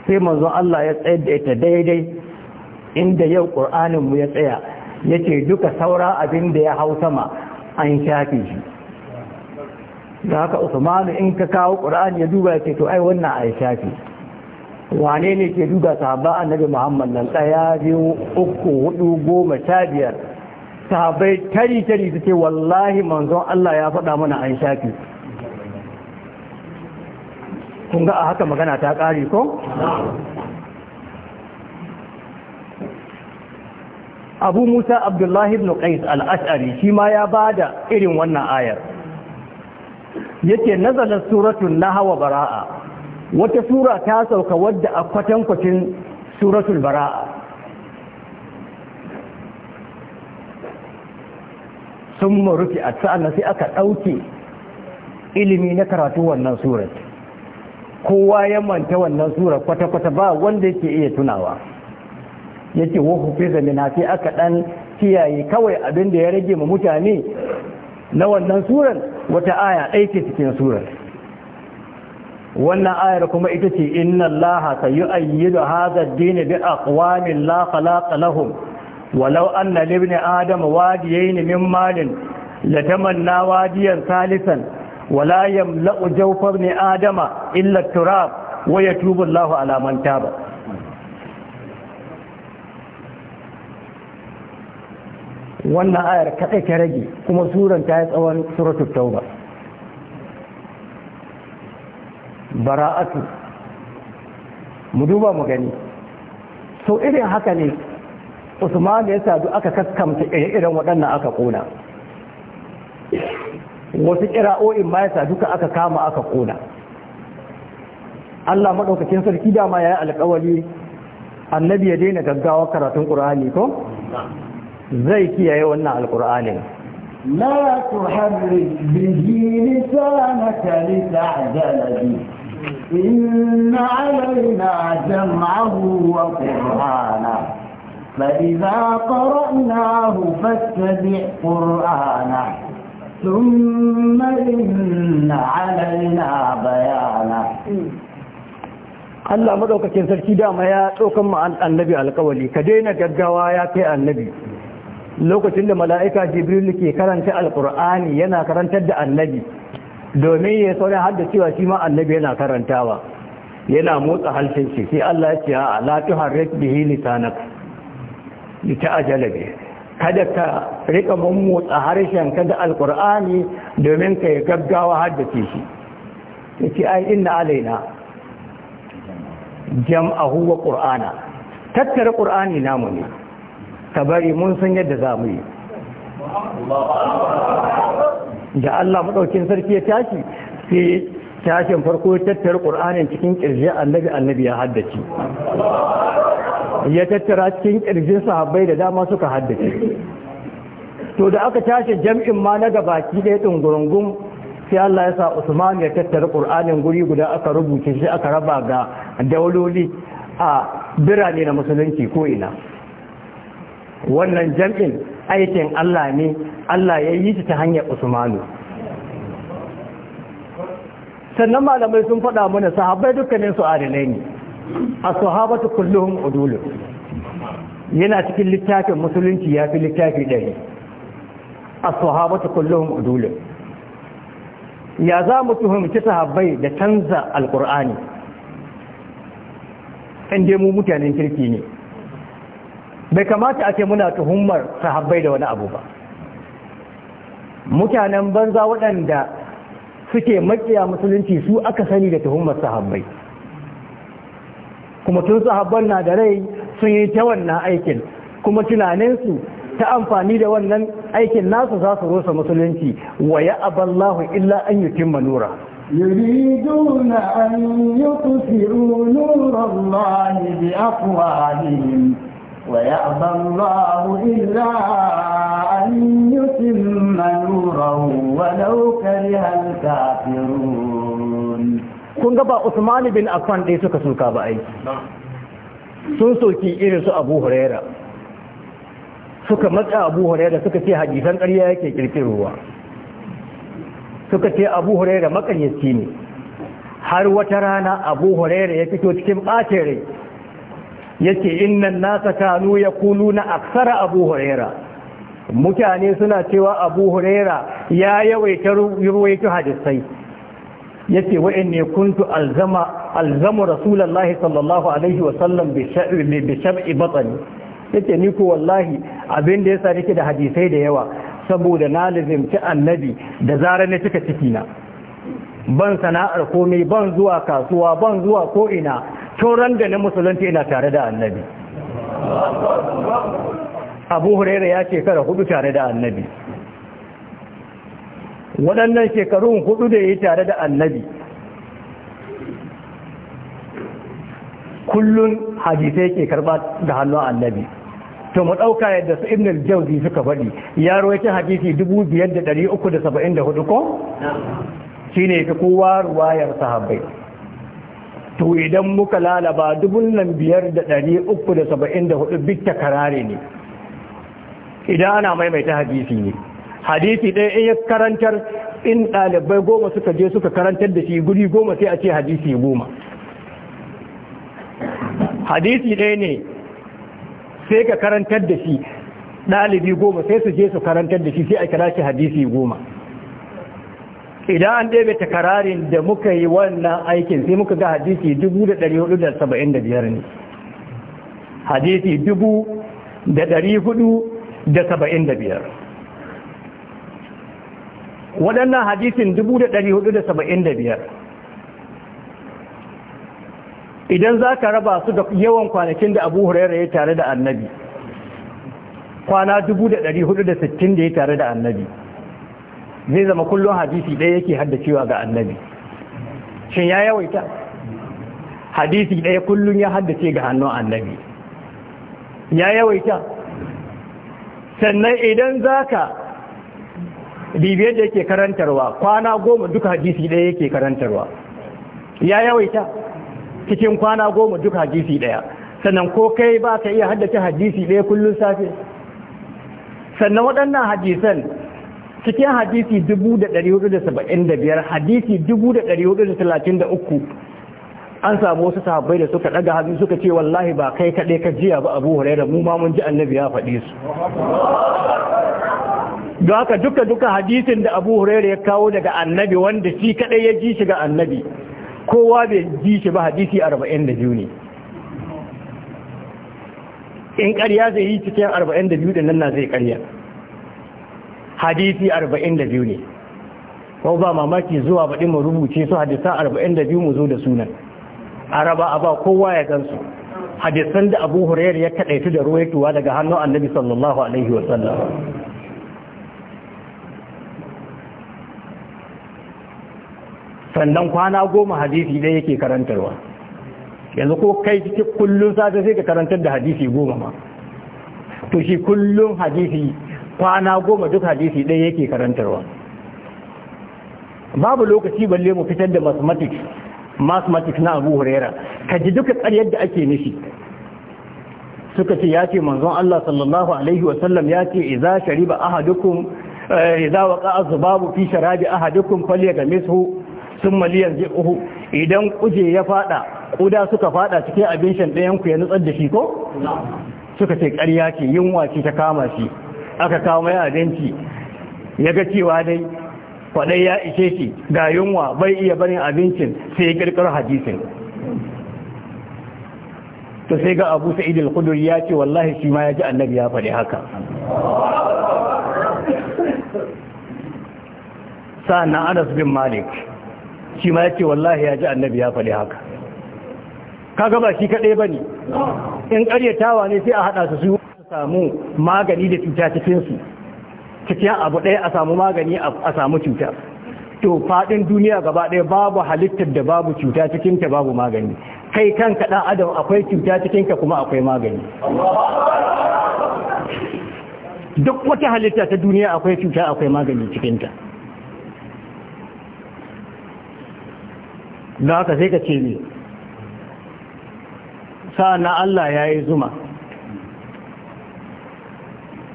sai manzon Allah ya tsayar da ita daidai inda yau mu ya tsaya yace duka saura abin da ya hau sama an shafe shi da haka usmanu in ka kawo qur'ani ya duba yake to ai wannan aisha ce wane ne ke duba sahaba annabi muhammad nan daya biyu uku hudu goma sha biyar sahabai tari tari suke wallahi manzon allah ya faɗa mana aisha ce kun ga a haka magana ta ƙare ko abu musa abdullahi ibn qais al-ash'ari shi ma ya bada irin wannan ayar yake nazalar suratul hawa bara'a wata sura ta sauka wadda a kwatankwacin suratul bara'a sun marufi a sa'an sai aka ɗauke ilimi na karatu wannan surat kowa ya manta wannan surat kwata-kwata ba wanda yake iya tunawa yake wahufi zamina sai aka ɗan kiyaye kawai abinda ya rage ma mutane na wannan surar wata aya ɗaya ce cikin surar wannan ayar kuma ita ce inna allaha sayu'ayyidu hadha ad-din bi aqwamin la khalaqa lahum walau anna libni adama wadiyaini min malin latamanna wadiyan salisan ولا يملأ جوف ابن آدم إلا التراب ويتوب الله على من تاب wannan ayar kaɗai ta rage kuma suran ta yi tsawon suratul tauba bara'atu mu duba mu gani so irin haka ne usman ya sadu aka kaskamta irin waɗannan aka ƙona wasu ƙira'o'in ma ya sadu ka aka kama aka ƙona Allah maɗaukakin sarki dama ya yi alƙawari annabi ya daina gaggawa karatun ƙur'ani ko? zai kiyaye wannan alkur'anin la tuharrik bihi lisanaka lita'jala bihi إن علينا جمعه وقرآنه فإذا قرأناه فاتبع قرآنه ثم إن علينا bayana. Allah madaukakin sarki dama ya tsokan ma annabi alƙawali ka daina gaggawa ya kai annabi lokacin da mala'ika jibril ke karanta alkur'ani yana karantar da annabi domin ya saurin hada cewa shi ma annabi yana karantawa yana motsa halshen shi sai Allah ya ce a la tuharrik bihi ta lita'ajala kada ka rika mun motsa harshen kada da domin ka yi gaggawa haddace shi ce ai inna alaina jam'ahu wa qur'ana tattara qur'ani namu ne ka bari mun san yadda za mu yi da Allah maɗaukin sarki ya tashi sai tashin farko ya tattara ƙur'anin cikin ƙirji annabi annabi ya haddace ya tattara cikin ƙirjin sahabbai da dama suka haddace to da aka tashi jam'in ma na da ɗaya gurungun sai Allah ya sa Usman ya tattara ƙur'anin guri guda aka rubuce shi aka raba ga dauloli a birane na musulunci ko ina wannan jam'in aikin Allah ne Allah ya yi ta hanyar usmanu sannan malamai sun faɗa mana sahabbai dukkanin su adalai ne a sahabatu kullum udulun yana cikin littafin musulunci ya fi littafi ɗari a sahabatu kullum udulun ya za mu tuhumci sahabbai da canza alkur'ani Yan jemu mutanen kirki ne bai kamata a ce muna tuhumar sahabbai da wani abu ba mutanen banza waɗanda suke makiya musulunci su aka sani da tuhumar sahabbai kuma tun sahabban na da rai sun yi ta wannan aikin kuma tunaninsu ta amfani da wannan aikin nasu za su rusa musulunci wa ya aballahu illa an yi nura يريدون أن يطفئوا نور الله ويأبى الله إلا أن يتم نورا ولو كره الكافرون kun ga ba Usman bin Affan dai suka suka ba ai sun soki irin su Abu Huraira suka matsa Abu Huraira suka ce hadisan ƙarya yake kirkirowa suka ce Abu Huraira makaryaci ne har wata rana Abu Huraira ya fito cikin ɓacin rai Yake innan nasa kanu na aksara abu huraira mutane suna cewa abu huraira ya yawaita ruwaitu hadisai yace ne kuntu alzama alzamu rasulullahi sallallahu alaihi wa sallam bi shab'i bi shab'i batni yace ni ko wallahi abin da yasa nake da hadisai da yawa saboda na lazimci annabi da zarar na cika ciki na ban sana'ar komai ban zuwa kasuwa ban zuwa ko ina turan da na musulunci ina tare da annabi abu hurairu ya shekara hudu tare da annabi waɗannan shekarun hudu da ya yi tare da annabi kullun hadisai ke karba da hannun annabi to mu ɗauka yadda su ibn al-jawzi suka faɗi ya rawaita hadisi hudu ko shine ta kowa ruwayar sahabbai to idan muka lalaba dubun nan biyar da ɗari uku da saba'in da hudu bitta karare ne idan ana maimaita hadisi ne hadisi ɗaya in ya karantar in ɗalibai goma suka je suka karantar da shi guri goma sai a ce hadisi goma hadisi ɗaya ne sai ka karantar da shi ɗalibi goma sai su je su karantar da shi sai a kira shi hadisi goma idan an ɗebe takararin da muka yi wannan aikin sai muka ga hadisi 475 ne hadisi 475 waɗannan hadisin 475 idan za ka raba su da yawan kwanakin da abu hurairu ya tare da annabi kwana sittin da ya tare da annabi zai zama kullum hadisi ɗaya yake haddacewa ga annabi shin ya yawaita hadisi ɗaya kullum ya haddace ga hannun annabi ya yawaita sannan idan za ka bibiyar da yake karantarwa kwana goma duka hadisi ɗaya yake karantarwa ya yawaita cikin kwana goma duka hadisi ɗaya sannan ko kai ba ka iya haddace hadisi ɗaya kullum safe sannan waɗannan hadisan cikin hadisi 1475 hadisi 1433 an samu wasu sahabbai da suka daga hannu suka ce wallahi ba kai kaɗai ka jiya ba abu huraira mu ma mun ji annabi ya faɗi su da haka duka duka hadisin da abu huraira ya kawo daga annabi wanda shi kaɗai ya ji shi ga annabi kowa bai ji shi ba hadisi 42 ne in ƙarya zai yi cikin 42 da nan na zai ƙarya hadisi 42 ne ko ba mamaki zuwa baɗi mu rubuce su hadisa 42 mu zo da sunan a raba a ba kowa ya gansu hadisan da abu hurairu ya kaɗaitu da ruwaituwa daga hannun annabi sallallahu alaihi wasallam sannan kwana goma hadisi dai yake karantarwa yanzu ko kai kullum safe sai ka karantar da hadisi goma ma to shi kullum hadisi kwana goma duk hadisi ɗaya yake karantarwa babu lokaci balle mu fitar da mathematics mathematics na abu huraira ka ji duka tsariyar da ake nishi suka ce ya ce manzon Allah sallallahu alaihi wasallam ya ce iza shariba ahadukum eh, iza waqa azbabu fi sharabi ahadukum falyagamisu thumma liyanzihu idan kuje ya fada kuda suka fada cikin abin shan ɗayan ku ya nutsar da shi ko suka ce ƙarya ce yunwa ce ta kama shi aka kawo mai abinci ya ga cewa dai kwaɗai ya ishe shi ga yunwa bai iya barin abincin sai ya ƙirƙirar hadisin to sai ga abu sa'id al-khudri ya ce wallahi shi ma ya ji annabi ya faɗi haka sa'annan anas bin malik shi ma ya ce wallahi ya ji annabi ya faɗi haka kaga ba shi kaɗai ba ne in ƙaryatawa ne sai a haɗa su su samu magani da cuta cikinsu cikin abu ɗaya a samu magani a samu cuta to faɗin duniya gaba ɗaya babu halittar da babu cuta cikinta babu magani kai kanka ɗan adam akwai cuta cikinka kuma akwai magani duk wata halitta ta duniya akwai cuta akwai magani cikinta da haka sai ka ce ne sa'an Allah ya yi zuma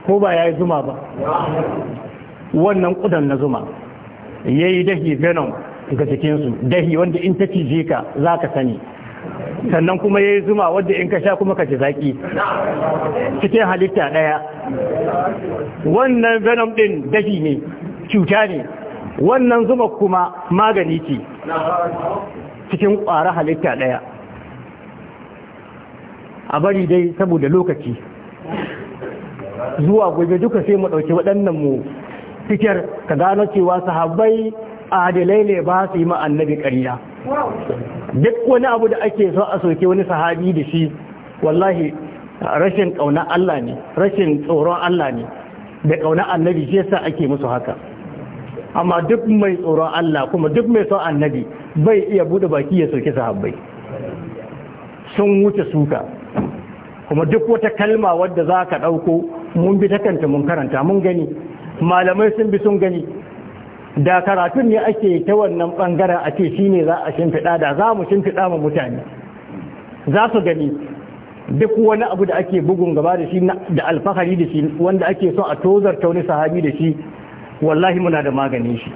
ko ba ya yi zuma ba wannan kudan na zuma ya yi dahi venom ga jikinsu dahi wanda in ta cije ka za ka sani sannan kuma ya yi zuma wadda in ka sha kuma ka ji zaƙi cikin halitta ɗaya wannan venom ɗin dahi ne cuta ne wannan zuma kuma magani ce cikin ƙwara halitta ɗaya a bari dai saboda lokaci zuwa gobe duka sai mu ɗauki waɗannan mu fikir ka gano cewa sahabbai adalai ne ba su yi ma annabi ƙarya duk wani abu da ake so a soke wani sahabi da shi wallahi rashin ƙauna Allah ne rashin tsoron Allah ne da ƙauna annabi shi yasa ake musu haka amma duk mai tsoron Allah kuma duk mai son annabi bai iya bude baki ya soke sahabbai sun wuce suka kuma duk wata kalma wadda za ka ɗauko mun bi takanta mun karanta mun gani malamai sun bi sun gani da karatun ne ake ta wannan bangaren a ce shine za a shimfiɗa da za mu shimfiɗa ma mutane za su gani duk wani abu da ake bugun gaba da shi da alfahari da shi wanda ake son a tozar wani sahabi da shi wallahi muna da maganin shi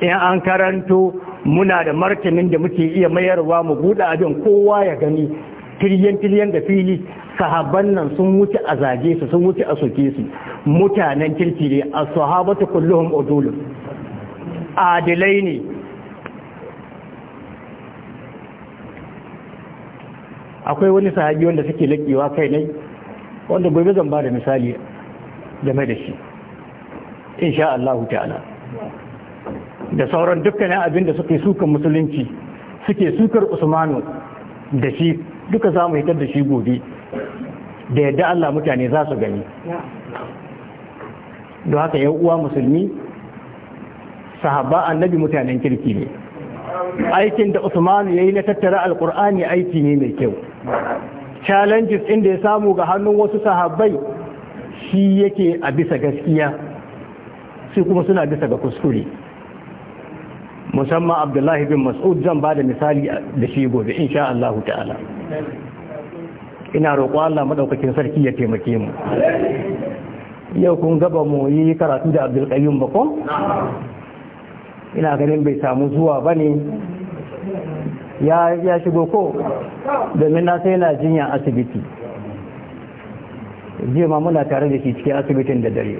in an karanto muna da martanin da muke iya mayarwa mu buɗe abin kowa ya gani tiriyan tiriyan da fili sahabban nan sun wuce a zage su sun wuce a soke su mutanen kirki ne a sahabatu kulluhum udulun adilai ne akwai wani sahabi wanda suke laƙewa kai ne wanda gobe zan ba da misali game da shi insha Allah ta'ala da sauran dukkanin abin da suke sukan musulunci suke sukar usmanu da shi duka za mu hitar da shi gobe da yadda Allah mutane za su gani don haka yan uwa musulmi sahaba annabi mutanen kirki ne aikin da Usman ya yi na tattara alkur'ani aiki ne mai kyau challenges inda ya samu ga hannun wasu sahabai, shi yake a bisa gaskiya su kuma suna bisa ga kuskure musamman abdullahi bin mas'ud zan ba da misali da shi gobe insha Allah ta'ala ina roƙo Allah maɗaukakin sarki ya taimake mu yau kun gaba mu yi karatu da abdulkayyum ba ina ganin bai samu zuwa ba ne ya shigo ko domin na sai na jinya asibiti jiya ma muna tare da shi cikin asibitin da dare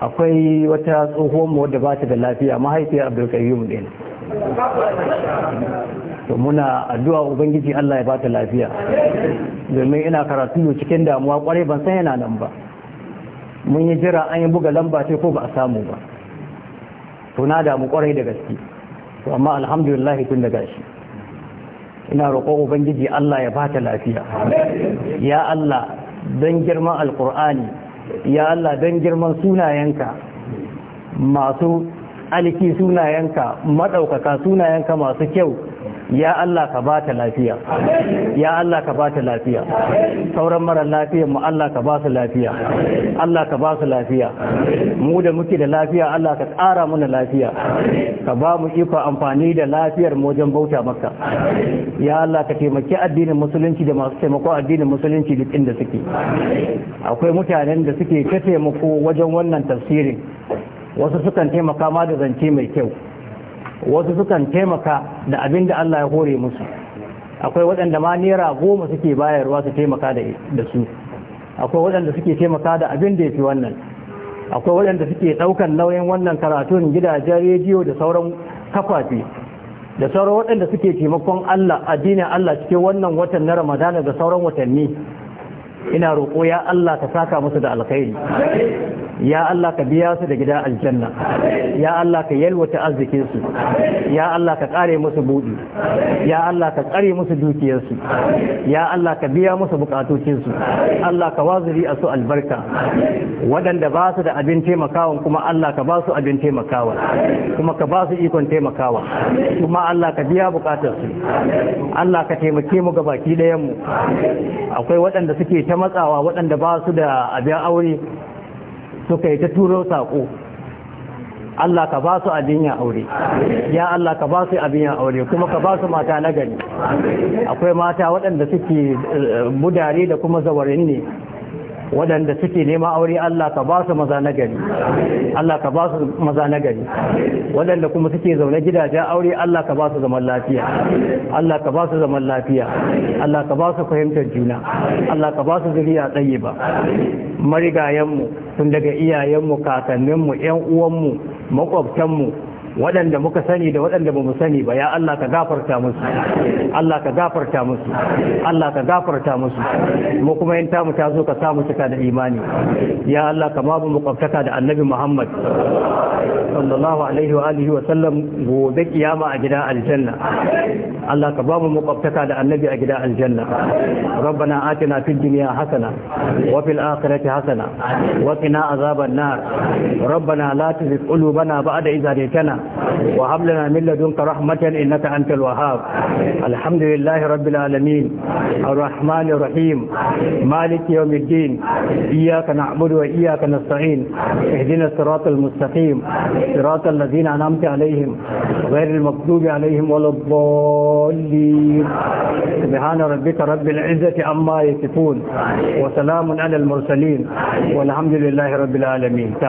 akwai wata tsohon mu wadda ba ta da lafiya mahaifiyar abdulkayyum ɗin to muna addu'a ubangiji Allah ya bata lafiya domin ina karatu yau cikin damuwa kwarai ban san yana nan ba mun yi jira an yi buga lamba ce ko ba a samu ba to na damu kwarai da gaske to amma alhamdulillah tun daga shi ina roƙo ubangiji Allah ya bata lafiya ya Allah dan girman alkur'ani ya Allah dan girman sunayenka masu Aliki sunayenka madaukaka sunayenka masu kyau ya Allah ka ba ta lafiya ya Allah ka ba ta lafiya sauran mara lafiya mu Allah ka ba su lafiya Allah ka ba su lafiya mu da muke da lafiya Allah ka tsara mana lafiya ka ba mu iko amfani da lafiyar mu wajen bauta maka ya Allah ka taimaki addinin musulunci da masu taimako addinin musulunci duk inda suke akwai mutanen da suke ta taimako wajen wannan tafsirin wasu sukan taimaka ma da zance mai kyau wasu sukan taimaka da abin da Allah ya hore musu akwai waɗanda ma nera goma suke bayarwa su taimaka da su akwai waɗanda suke taimaka da abin da ya fi wannan akwai waɗanda suke ɗaukan nauyin wannan karatun gidajen rediyo da sauran kafafi da sauran waɗanda suke taimakon Allah addinin Allah cikin wannan watan na Ramadana da sauran watanni ina roƙo ya Allah ka saka musu da alkhairi ya Allah ka biya su da gida aljanna ya Allah ka yalwata arzikin su ya Allah ka kare musu budi ya Allah ka kare musu dukiyar su ya Allah ka biya musu bukatocin su Allah ka wazuri a su albarka waɗanda ba su da abin taimakawa kuma Allah ka ba su abin taimakawa kuma ka ba su ikon taimakawa kuma Allah ka biya bukatar su Allah ka taimake mu ga baki ɗayan mu akwai waɗanda suke ta matsawa waɗanda ba su da abin aure suka yi ta turo saƙo Allah ka ba su abin ya aure ya Allah ka ba su abin ya aure kuma ka ba su mata na gari akwai mata waɗanda suke budare eh, da kuma zawarin ne waɗanda suke nema aure Allah ka ba su maza na Allah ka ba su maza na gari waɗanda kuma suke zaune gidajen aure Allah ka ba su zaman lafiya Allah ka ba su zaman lafiya Allah ka ba su fahimtar juna Allah ka ba su zuriya tsaye ba marigayenmu tun daga iyayenmu kakanninmu 'yan uwanmu maƙwabtanmu. waɗanda muka sani da waɗanda ba mu sani ba ya Allah ka gafarta musu Allah ka gafarta musu Allah ka gafarta musu mu kuma yin tamu ta zo ka sa mu cika da imani ya Allah ka mabu mu kwaftaka da annabi Muhammad sallallahu alaihi wa alihi wa sallam gobe kiyama a gida aljanna Allah ka bamu mu kwaftaka da annabi a gida aljanna rabbana atina fid dunya hasana wa fil akhirati hasana wa qina azaban nar rabbana la tuzigh qulubana ba'da idh hadaytana وهب لنا من لدنك رحمة إنك أنت الوهاب الحمد لله رب العالمين الرحمن الرحيم مالك يوم الدين إياك نعبد وإياك نستعين اهدنا الصراط المستقيم صراط الذين أنعمت عليهم غير المكتوب عليهم ولا الضالين سبحان ربك رب العزة عما يصفون وسلام على المرسلين والحمد لله رب العالمين